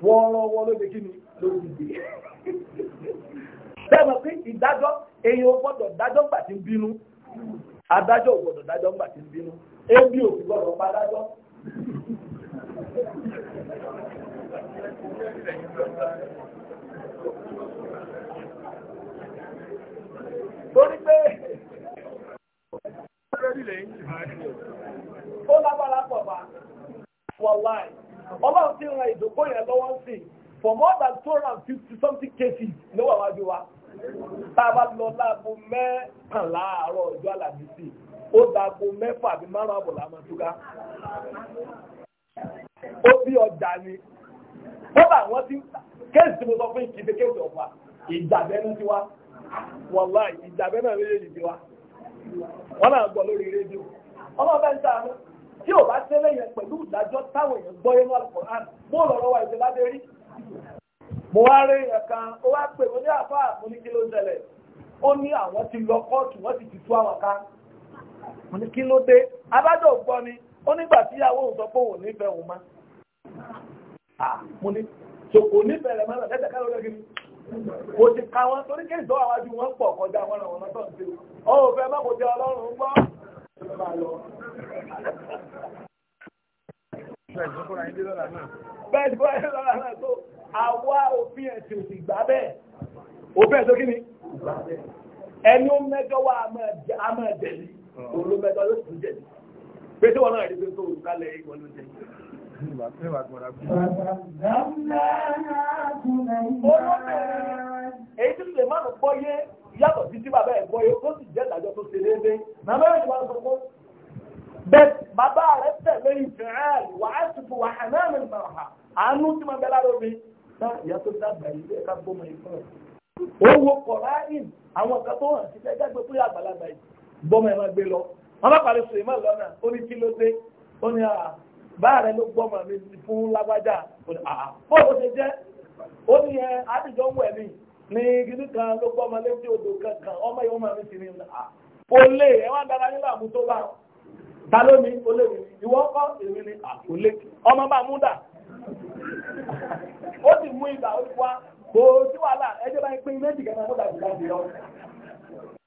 wọ́n rán wọ́n lóde kí ni ló ti dé. bẹ́ẹ̀ mọ̀ pé ìdájọ́ èèyàn gbọ́dọ̀ dájọ́ gbà tí ń bínú adájọ́ gbọ́dọ̀ dájọ́ gbà tí ń bínú ebi ò gbọ́dọ̀ pa Torí pé ó lágbára pọ̀ bá wọ̀láì. Ọlọ́run ti ran ìdókòó yẹn lọ́wọ́ sí i for more than two hundred and fifty something cases ló wà wájú wa. Tá a bá lọ láago mẹ́kànlá àárọ̀ ọjọ́ àlàmísì, ó dàgbo mẹ́fà àbí márùn-ún àbọ̀ làmọ́túká. Ó bí ọjà ni. kọ́bà wọ́n tí kéèsì tí mo sọ fún ìkíbe kéèsì ọ̀fà ìjàbẹ́ náà ti wá wọ́lá ìjàbẹ́ náà wá wọ́n náà gbọ́ lórí rédíò ọmọ bẹ́ẹ̀ ń tí ò bá tẹ́lẹ̀ yẹn pẹ̀lú ìdájọ́ táwọn èèyàn gbọ́ yẹn rí mo wá rí kan ó wá pè ní ti lọ wọ́n ti tú àwọn ká mo ní kí ló dé abájọ́ ni àmúni so kò ní bẹ̀rẹ̀ mọ́nà lẹ́tẹ̀ káwọn lọ́gbìn kò ti ka wọn torí kí ìdọ́ àwọn ajú wọn pọ̀ kọjá wọn àwọn ọmọdé ọ̀hún sí ọ ò fẹ́ mọ́kò jẹ ọlọ́run ń gbọ́. bẹ́ẹ̀ ti kúrò ayé lọ́la náà tó àwa òfin ẹ̀sìn òsì gbà bẹ́ẹ̀ òfin ẹ̀sìn kí ni ẹni ó mẹ́jọ wa a máa jẹ̀bi òun ló mẹ́jọ ló sì jẹ̀bi pé tí wọn náà rí pé tó òun kálẹ̀ ìwọ ló jẹ̀bi. Èyí tí lè máa gbọ́yé yàtọ̀ sí tí bàbá ẹ̀ gbọ́yé tó sì jẹ́ ìdájọ́ tó ṣe léde. Bàbá ẹ̀ wá sọ fún. Bẹ́ẹ̀ bàbá rẹ̀ tẹ̀lé ìfẹ́ ẹ̀ wà á ti fún wàhán náà lè mọ̀ ha. Àánú tí máa bẹ lára omi. Bá ìyá tó dàgbà yìí ká gbọ́mọ ìfọ́ ẹ̀. Ó wo Kọ̀ráìn àwọn kan tó hàn sí ẹgbẹ́ gbé fúyà àgbàlagbà yìí. Gbọ́mọ ẹ̀ máa gbé lọ. Wọ́n bá parí Sùlẹ̀mọ́ lọ́nà ó ní kí ló dé. Ó ní báà rẹ ló gbọ́ mọ̀ mi fún lágbájá bọ́ọ̀lù ṣe jẹ́ ó ní ẹ àtijọ́ ń wẹ̀ ní gidi kan ló gbọ́ mọ̀ létí odò kankan ọmọ yìí mi ní ní mi ìwọ kọ́ èmi ni ọmọ bá mú dà ó sì mú ìgbà ó wá kò sí wàhálà ẹjọ́ bá ń pín méjì mú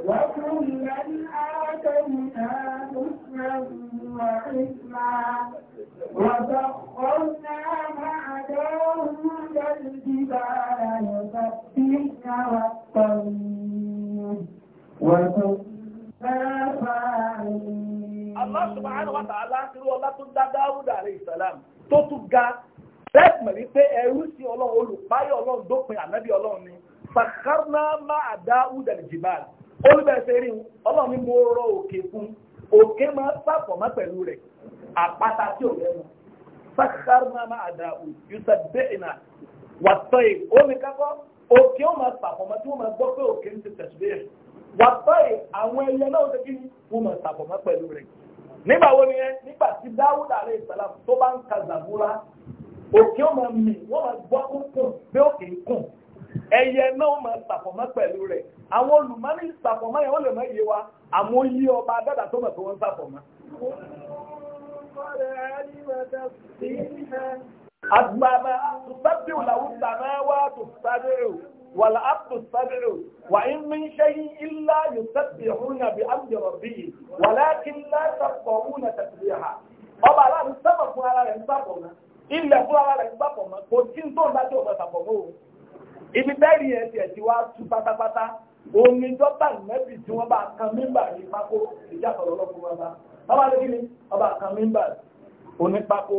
وكلا آتينا حسنا وعلما وسخرنا مع داود الجبال يسبحن والطير وكنا فاعلين الله سبحانه وتعالى kí ọlá tó dá Dáúd alayhi salam tó tún ga lẹ́gbẹ̀ẹ́ wípé ẹrú sí lè jìbáàlì olùbẹ̀sẹ̀ rí ọlọ́run ní mo rọ òkè fún òkè máa sàpọ̀ má pẹ̀lú rẹ̀ àpáta tí ò lẹ́nu sàkárùnà máa dà ó yúta bẹ́ẹ̀nà wàtọ́ yìí omi kákọ́ òkè ó máa sàpọ̀ má tí wọ́n máa gbọ́ pé òkè ń ti tẹ̀sí bẹ́ẹ̀ wàtọ́ yìí àwọn ẹyẹ náà ṣe kí wọ́n máa sàpọ̀ má pẹ̀lú rẹ̀ nígbà wo ni yẹn nígbà tí dáwúdà alẹ́ ìsàlá tó bá ń ka zàbúrà òkè ó máa mì wọ́n máa gbọ́ kó kùn bí òkè ẹyẹ náà máa ṣàfọ̀mọ́ pẹ̀lú rẹ̀ àwọn awọn ṣàfọ̀mọ́ yẹn wọ́n lè mọ iye wa yí ọba dada tó mọ̀ pé wọ́n ṣàfọ̀mọ́. àgbàmà tùsàbí òlàwù ọba sábà fún ara rẹ̀ ń ilẹ̀ fún ara rẹ̀ ń kò tí ń tó ń o. ibi bẹ́ẹ̀rì yẹn tiẹ̀ ti wá tú pátápátá omi dọ́tà nẹ́bì tí wọ́n bá kan mímbà ní pákó wọn ọba lórí ni ọba kan mímbà onípákó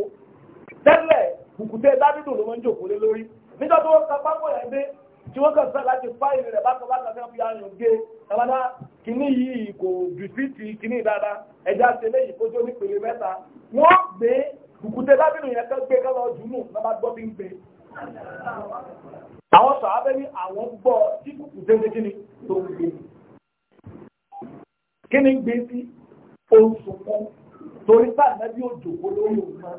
tẹ́lẹ̀ kùkùté dábìdù ló mọ́ ń jòkó lé lórí nígbà tó wọ́n kan pákó yẹn dé tí wọ́n kàn láti fá ìrìn rẹ̀ bákan bákan fẹ́ fi gé kìíní yìí kò kìíní dáadáa ṣe léyìí àwọn sàábẹ́ ní àwọn gbọ́ tí tẹ́lẹ̀ ni tó ń gbé kí ni gbé sí oṣù kan torí sáàdá bí òjò olórí òun máa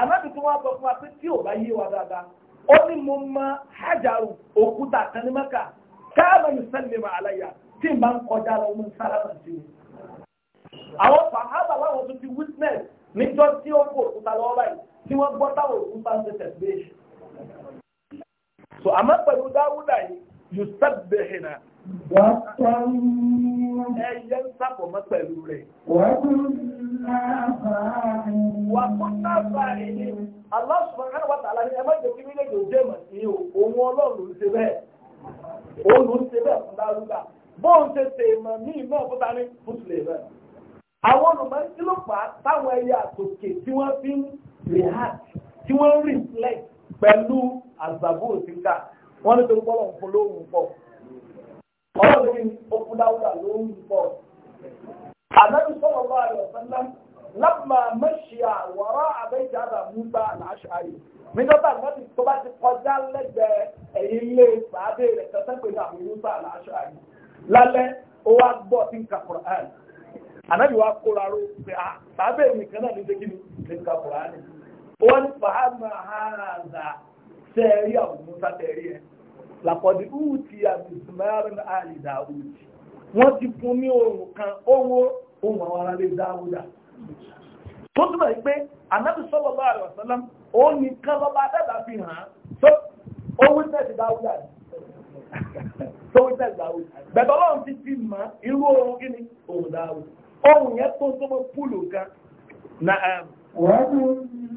anábì tí wọ́n sọ fún wa pé tí ò bá yé wa dáadáa ó ní mo mọ hajaru òkúta kan ní mẹ́ka káàmà yìí sẹ́lẹ̀ mà aláya tí n bá ń kọjá lọ mú sí mi. àwọn sàhábà láwọn ti witness níjọ́ tí ó kó òkúta lọ́wọ́ báyìí so àmọ́ pẹ̀lú dáwúdà yìí yóò sábẹ̀ hìnà. ẹyẹ ń sábọ̀ mọ́ pẹ̀lú rẹ̀. wà kún náà bá ẹni Allah subhanahu wa ta'ala ẹ má jẹ́ kí mílíọ̀nù jẹ́ mọ̀ sí o òun ọlọ́run ṣe bẹ́ẹ̀ òun ló ṣe bẹ́ẹ̀ fún dáwúdà bóun ṣe ṣe ìmọ̀ ní ìmọ̀ òkúta ní fúsùlẹ̀ bẹ́ẹ̀. àwọn olùmọ̀ ń kí ló fà á táwọn ẹyẹ àtòkè tí wọ́n fi ń react tí wọ́n ń reflect pẹ̀lú àgbàgbó òsínká wọ́n ní torí bọ́lọ̀ ń fún lóhùn pọ̀ ọlọ́run ní okun dáwúdà lóhùn pọ̀ ànábì sọ̀rọ̀ bá rẹ̀ sẹ́lá lápá mẹ́ṣíà wọ́rọ́ àbẹ́jà àgbà múta àṣàyè nígbàtà mọ́tì tó bá ti kọjá lẹ́gbẹ̀ẹ́ ẹ̀yìn ilé sàádé rẹ̀ kẹsẹ́ pé àmì múta àṣàyè lálẹ́ ó wá gbọ́ sí nǹkan Kùránì tẹ́ẹ̀rí àwọn musa tẹ́ẹ̀rí ẹ̀ làkọ̀dí uti àbùsùmáàrún àlì dàwùd wọ́n ti fún ní ohun kan owó ohun àwọn aráàlú dáwùdà tó túmọ̀ yìí pé anábì sọ́lọ́ bá àrùn ọ̀sánlá ó ní kán lọ́ba hàn án tó owó tó owó bẹ̀tọ̀ ti fi irú ohun kí ni ohun ohun yẹn tó ń tó mọ́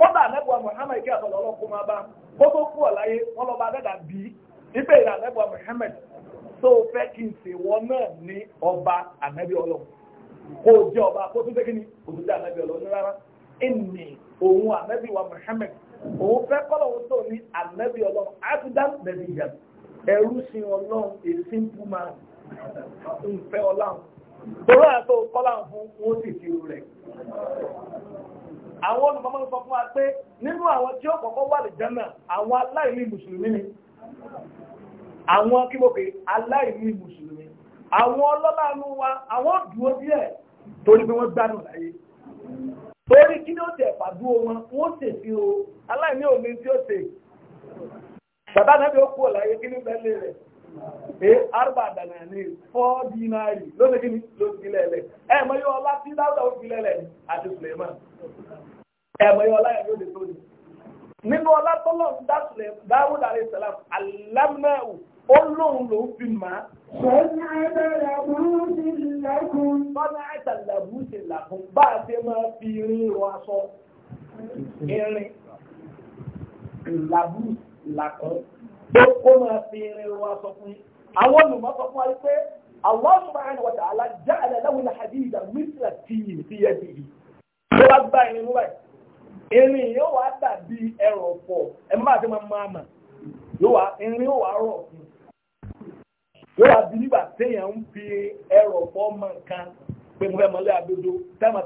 kódà nẹ́bùwà Muhammad kí àtọ̀lọ́ ọlọ́kú máa bá kó tó kú ọ̀láyé wọ́n lọ́ba dẹ́dà bí ibẹ̀ ìlà nẹ́bùwà Muhammad tó fẹ́ kí n ṣe wọn náà ní ọba ànẹ́bí ọlọ́run kó jẹ́ ọba kó tó dékìní kò tó jẹ́ ànẹ́bí ọlọ́run rárá ẹnì òun ànẹ́bí wa Muhammad òun fẹ́ kọ́lọ̀ òun tó ní ànẹ́bí ọlọ́run áfídán nẹ́bí yẹ ẹrú sin ọlọ́run èsì ń fún máa ń fẹ́ ọlọ́run torí àtọ́ kọ́lá fún wọn sì ti rẹ̀ àwọn olùkọ́mọ́ sọ fún wa pé nínú àwọn tí ó kọ́kọ́ wà lè jẹ́nà àwọn aláìní mùsùlùmí ni àwọn kílòkè aláìní mùsùlùmí àwọn ọlọ́lánú wa àwọn dúró díẹ̀ torí pé wọ́n gbádùn láyé torí kí ni ó tẹ̀ pàdúró wọn wọ́n sì fi o aláìní òní tí ó tẹ̀ bàbá náà bí ó kú ọ̀láyé kí ní bẹ́ẹ̀ lé rẹ̀ ee arba dana ni four dinari ló ṣe kí ni ló fi lẹ́lẹ̀ ẹ mọ yóò ọlá tí dáúdà ó fi lẹ́lẹ̀ àti Suleiman ẹ mọ yóò ọlá yẹn ló lè tó ni nínú ọlá tọ́lọ̀ dá Suleiman dáúdà rẹ sàlám alámẹ́wò ó lóun lòún fi mà á. sọ́nà àtàlàbùsì làkùn. sọ́nà àtàlàbùsì làkùn bá a ṣe máa irin rọ aṣọ irin làbùsì gbogbo ma fi eré wa sọ fún yín àwọn olùmọ̀ sọ fún wa pé Allah subhanahu wa ta'ala ja'ala lahu al-hadida mithla tin fi yadihi tó bá gbá irin mú báyìí irin yóò wá dàbí ẹrọ ọ̀fọ̀ ẹ má ti máa máa mà yóò wá rọ̀ fún yóò wá bí nígbà téèyàn ń fi ẹrọ ọ̀fọ̀ mọ nǹkan pé mo fẹ́ mọ lé adodo tẹ́mọ̀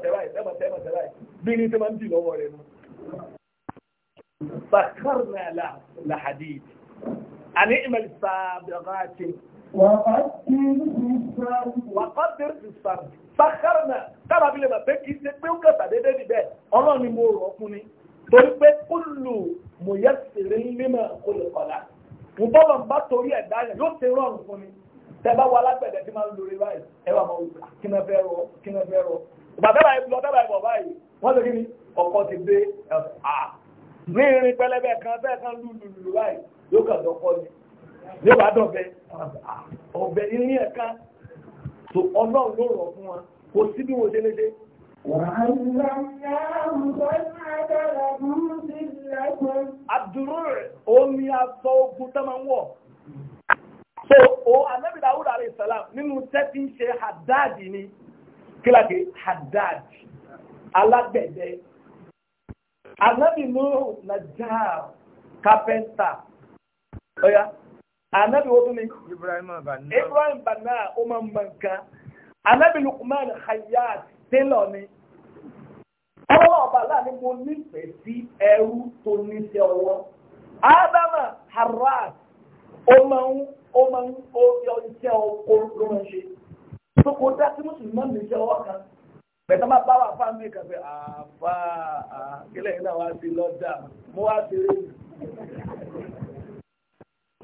tẹ́mọ̀ bí àní ìmẹ̀lì sàbẹ̀rẹ̀ wàkọ́dé ti sàbẹ̀ sàkárànà kára bí lè bà pé kì í ṣe pé ó kẹta dédé níbẹ̀ ọlọ́run ni mo rọ̀ fún ni torí pé kúlù mo yẹ sèré nímọ̀ kó lè kọ́lá mo bọ́lọ̀ ń bá torí ẹ̀ dáyẹ̀ yóò ṣe rọrùn fún mi tẹ́ bá wà lágbẹ̀dẹ tí máa ń lórí báyìí ẹ wà máa wùdà ah, kí náà fẹ́ rọ kí náà fẹ́ rọ bàbá báyìí lọ bàbá ìbọ̀ báyìí wọ́n yóò kà dọ́kọ́ ni yóò bá dọ̀bẹ ọ̀bẹ ilé ẹ̀ka tó ọlọ́run ló rọ̀ fún wa kò sí bí wọ́n délé dé. Abdurur omi aṣọ ogun tó máa ń wọ̀. So, o Anabi Dawud alayhi salam nínú tẹ́tí ń ṣe Haddad ni, kílàkì Haddad, alágbẹ̀dẹ. Anabi Nuhu Najjar, kápẹ́ntà, ọ̀yá anabi wo tún ni Ibrahim bana ó máa ń mọ nǹkan anabi Lukman Khayyat tailor ni ọlọ́wọ́ ọba aláàánú mo nífẹ̀ẹ́ sí ẹrú tó níṣẹ́ ọwọ́ Adama Haras ó máa ń ó máa ń ó yọ iṣẹ́ oko ló máa ń ṣe tó kó dá sí mùsùlùmí máa ń níṣẹ́ ọwọ́ kan bẹ̀tẹ̀ máa bá wà fáà mí kàfẹ́ àfáà àkílẹ̀ yìí náà wá sí lọ́jà mo wá sí rẹ́yìn.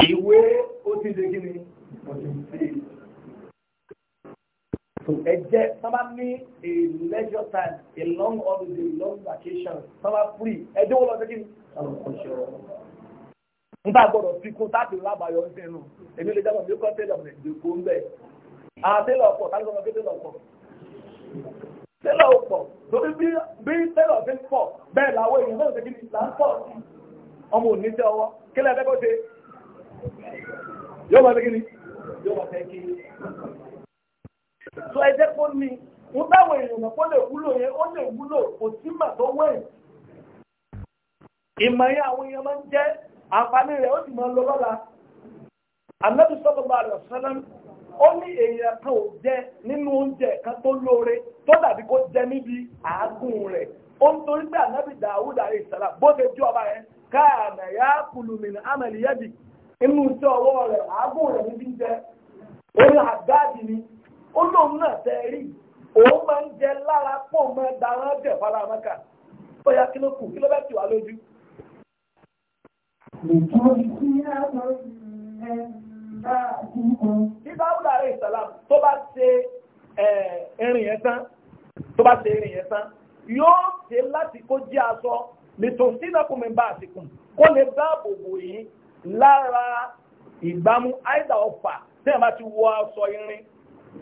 ìwé ó ti dé gíní so ẹ jẹ́ sábà ní a leisure time a long holiday long vacation sábà free ẹ jẹ́ wọ́n lọ sí gíní nígbà gbọ́dọ̀ fi kún táàbì lábàáyọ ń sẹ́nu èmi lè dábàá mi kọ́ tẹ́lẹ̀ ọ̀nà ìdèkó ń bẹ̀ àtẹ́lẹ̀ ọ̀pọ̀ tàbí ọmọ tẹ́lẹ̀ ọ̀pọ̀ tẹ́lẹ̀ ọ̀pọ̀ torí bí tẹ́lẹ̀ ọ̀sẹ̀ ń pọ̀ bẹ́ẹ̀ làwọn èèyàn náà ṣe kí ni là ń pọ̀ ọmọ òní tẹ́ ọwọ́ kílẹ̀ ẹ̀fẹ́ kó ṣe yóò bá tẹ́kí ẹ jẹ́ kó ní mo táwọn èèyàn mọ̀ kó lè wúlò yẹn ó lè wúlò kò sí mà tó wẹ̀. ìmọ̀ yẹn àwọn èèyàn máa ń jẹ́ àǹfààní rẹ̀ ó sì máa ń lọ lọ́la. ó ní èèyàn kan ò jẹ nínú oúnjẹ kan tó lóore tó dàbí kó jẹ níbi àágùn inú iṣẹ́ ọwọ́ rẹ̀ àágùn rẹ̀ níbi ń jẹ orí àgáàdì ni ó lóun náà tẹ rí òun máa ń jẹ lára pọ̀ mọ́ darán jẹ̀ fara mọ́kà ó yá kí ló kù kí ló bẹ́ẹ̀ tì wá lójú. Ìgbà àbúrò àrẹ ìsàlám tó bá ṣe ẹ̀rìn yẹn tán tó bá ṣe ẹ̀rìn yẹn tán yóò ṣe láti kó jí aṣọ lè tó sínú ọkùnrin bá àsìkò kó lè dáàbò bò yín lára ìgbámú àìdà ọ̀fà tí ẹ̀mà ti wọ aṣọ irin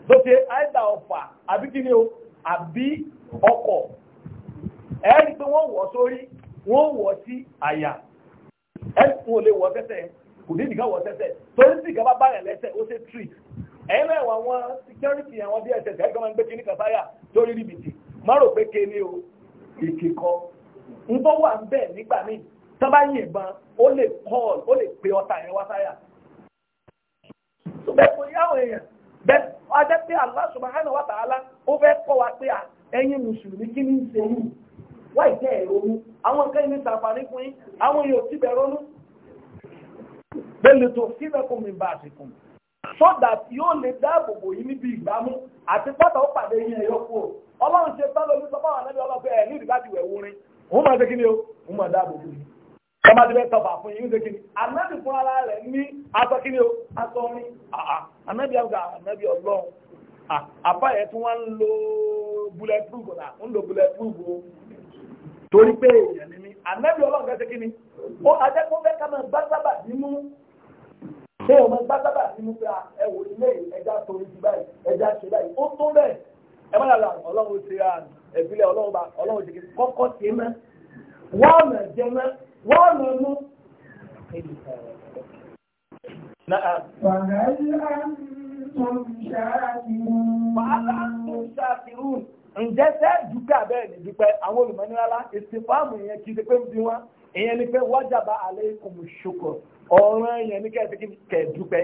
tó fi àìdà ọ̀fà àbí kí ni o àbí ọkọ̀ ẹ̀rí pé wọ́n wọ̀ sórí wọ́n wọ̀ sí àyà ẹ̀sùn ò lè wọ̀ tẹ́tẹ́ kò ní ìdíkà wọ̀ tẹ́tẹ́ torí sì bá lẹ́sẹ̀ ó ṣe náà wà security àwọn máa ń gbé kí ní lórí tó bá yìnbọn ó lè call ó lè pe ọta yẹn wá sáyà bẹ́ẹ̀ kò yáwó èèyàn bẹ́ẹ̀ ọjọ́ pé Allah subhanahu wa ta'ala ó fẹ́ kọ́ wa pé ẹ̀yin mùsùlùmí kí ní í ṣe yìí wá ìjẹ́ ìrònú àwọn nǹkan ìní sàǹfààní fún yín àwọn yóò ti bẹ̀ ronú bẹ́ẹ̀ tó kí lẹ́kùn mi bá a ti kùn so that yóò lè dáàbò bò yín níbi ìgbámú àti pátá ó pàdé yín ẹ̀yọ́ kú o ọlọ́run ṣe bá lórí sọ́kọ́ àwọn àlejò ọlọ́pẹ́ ẹ̀ ní ìdíbàdìwẹ̀ wúrin òun máa ṣe kí ni o òun máa dáàbò bò yín Tọ́ba ti fẹ́ tọ̀bà fún yìí ṣékìní. Ànábì fún ara rẹ̀ ní aṣọ o, aṣọ ní àà. Ànábì àgbà ànábì ọlọ́run. yẹn tí wọ́n ń lo bulletproof ọ̀la, ń lo bulletproof o. Torí pé èèyàn ni mí. Ànábì ọlọ́run fẹ́ ṣékìní. Ó adẹ́kùn fẹ́ ká máa gbá Ṣé o máa gbá sábà nínú pé ẹ̀wò ilé ẹja torí ti báyìí, ẹja ṣe báyìí. Ó tó bẹ́ẹ̀. Ẹ má dàgbà ọlọ́run ti ra ẹ̀bílẹ̀ ọlọ́run wọ́n lè mú. Ǹjẹ́ sẹ́ dúpẹ́ abẹ́ẹ̀ ní dúpẹ́ àwọn olùmọ̀nirálá ìsìnfàmù yẹn kì í pé ń bí wọn ìyẹn ni pé wajaba alaykum ṣokò ọ̀ràn yẹn ní kẹ́ẹ̀dúpẹ́.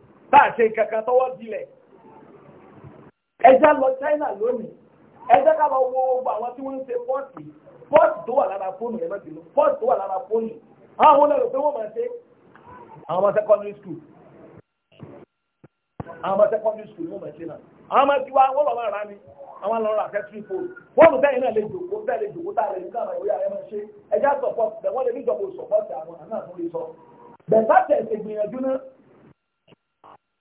a táàṣe kankan tọwọ́ dilẹ̀ ẹjá lọ China lónìí ẹjá ká lọ wo gbogbo àwọn tí wọ́n ń ṣe pọ́ọ̀tì pọ́ọ̀tì tó wà lára fóònù ẹ̀ lọ́dún pọ́ọ̀tì tó wà lára fóònù àwọn olóòrò pé wọ́n máa ṣe àwọn ọmọ secondary school àwọn ọmọ secondary school wọ́n máa ṣe náà àwọn ọmọ tiwa wọ́n lọ́ọ́ máa rà ní àwọn alọ́rọ̀ àfẹ́tírì fóònù fóònù bẹ́ẹ̀ náà lè jòkó bẹ́ẹ̀ lè jòkó tá a lè ní káàmà ìwé ààrẹ máa ṣe ẹjá sọ̀pọ̀ bẹ̀ wọ́n lè níjọba sọ̀pọ̀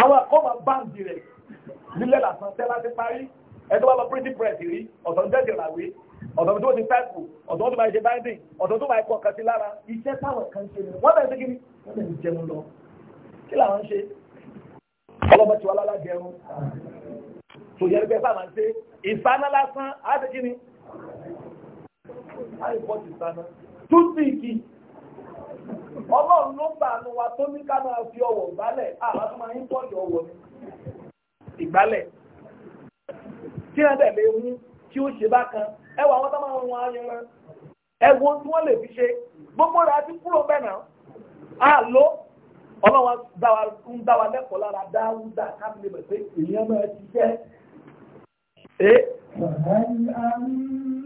àwọn àkọ́mọ báńdì rẹ̀ nílẹ̀ lásán tẹ́lá ti parí ẹgbẹ́ bá lọ printing press rí ọ̀sán jẹ́jẹ̀ làwé ọ̀sán tó ti tẹ́kù ọ̀sán tó máa ṣe báńdì ọ̀sán tó máa kọ kàtí lára iṣẹ́ táwọn kan ṣe wọ́n bẹ̀rẹ̀ sí kíní wọ́n bẹ̀rẹ̀ jẹun lọ kí làwọn ṣe ọlọ́mọ tí wọ́n lálá jẹun tó yẹ ẹgbẹ́ sáà máa ń ṣe ìsáná lásán á ti kíní ọlọ́run ló gbà nu wa tó ní ká máa fi ọwọ́ gbálẹ̀ àwọn tó máa ń pọ̀jù ọwọ́ mi ìgbálẹ̀ tí wọ́n dẹ̀ lé mú kí ó ṣe bákan ẹ wọ àwọn tó máa ń wọn ayanran ẹ wo tí wọ́n lè fi ṣe gbogbo rẹ̀ àti kúrò bẹ́ẹ̀ náà á lọ ọlọ́run ń dá wa lẹ́kọ̀ọ́ lára dáúdà kábílẹ̀ pé èèyàn máa ti jẹ́.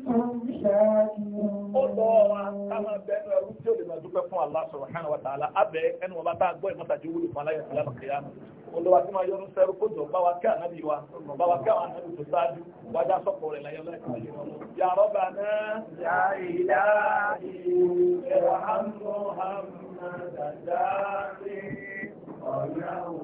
Ó lọ wa ká máa bẹ ẹnu ẹrú tí ó lè máa dúpẹ́ fún Allah subhanahu wa ta'ala. Abẹ ẹnu ọba tá a gbọ́ ìmọ̀tàjú wúlò fún aláyọ̀ sílámù kìyàmù. Olúwa tí máa yọnu sẹ́rú kó jọ bá wa kí ànábì wa, bá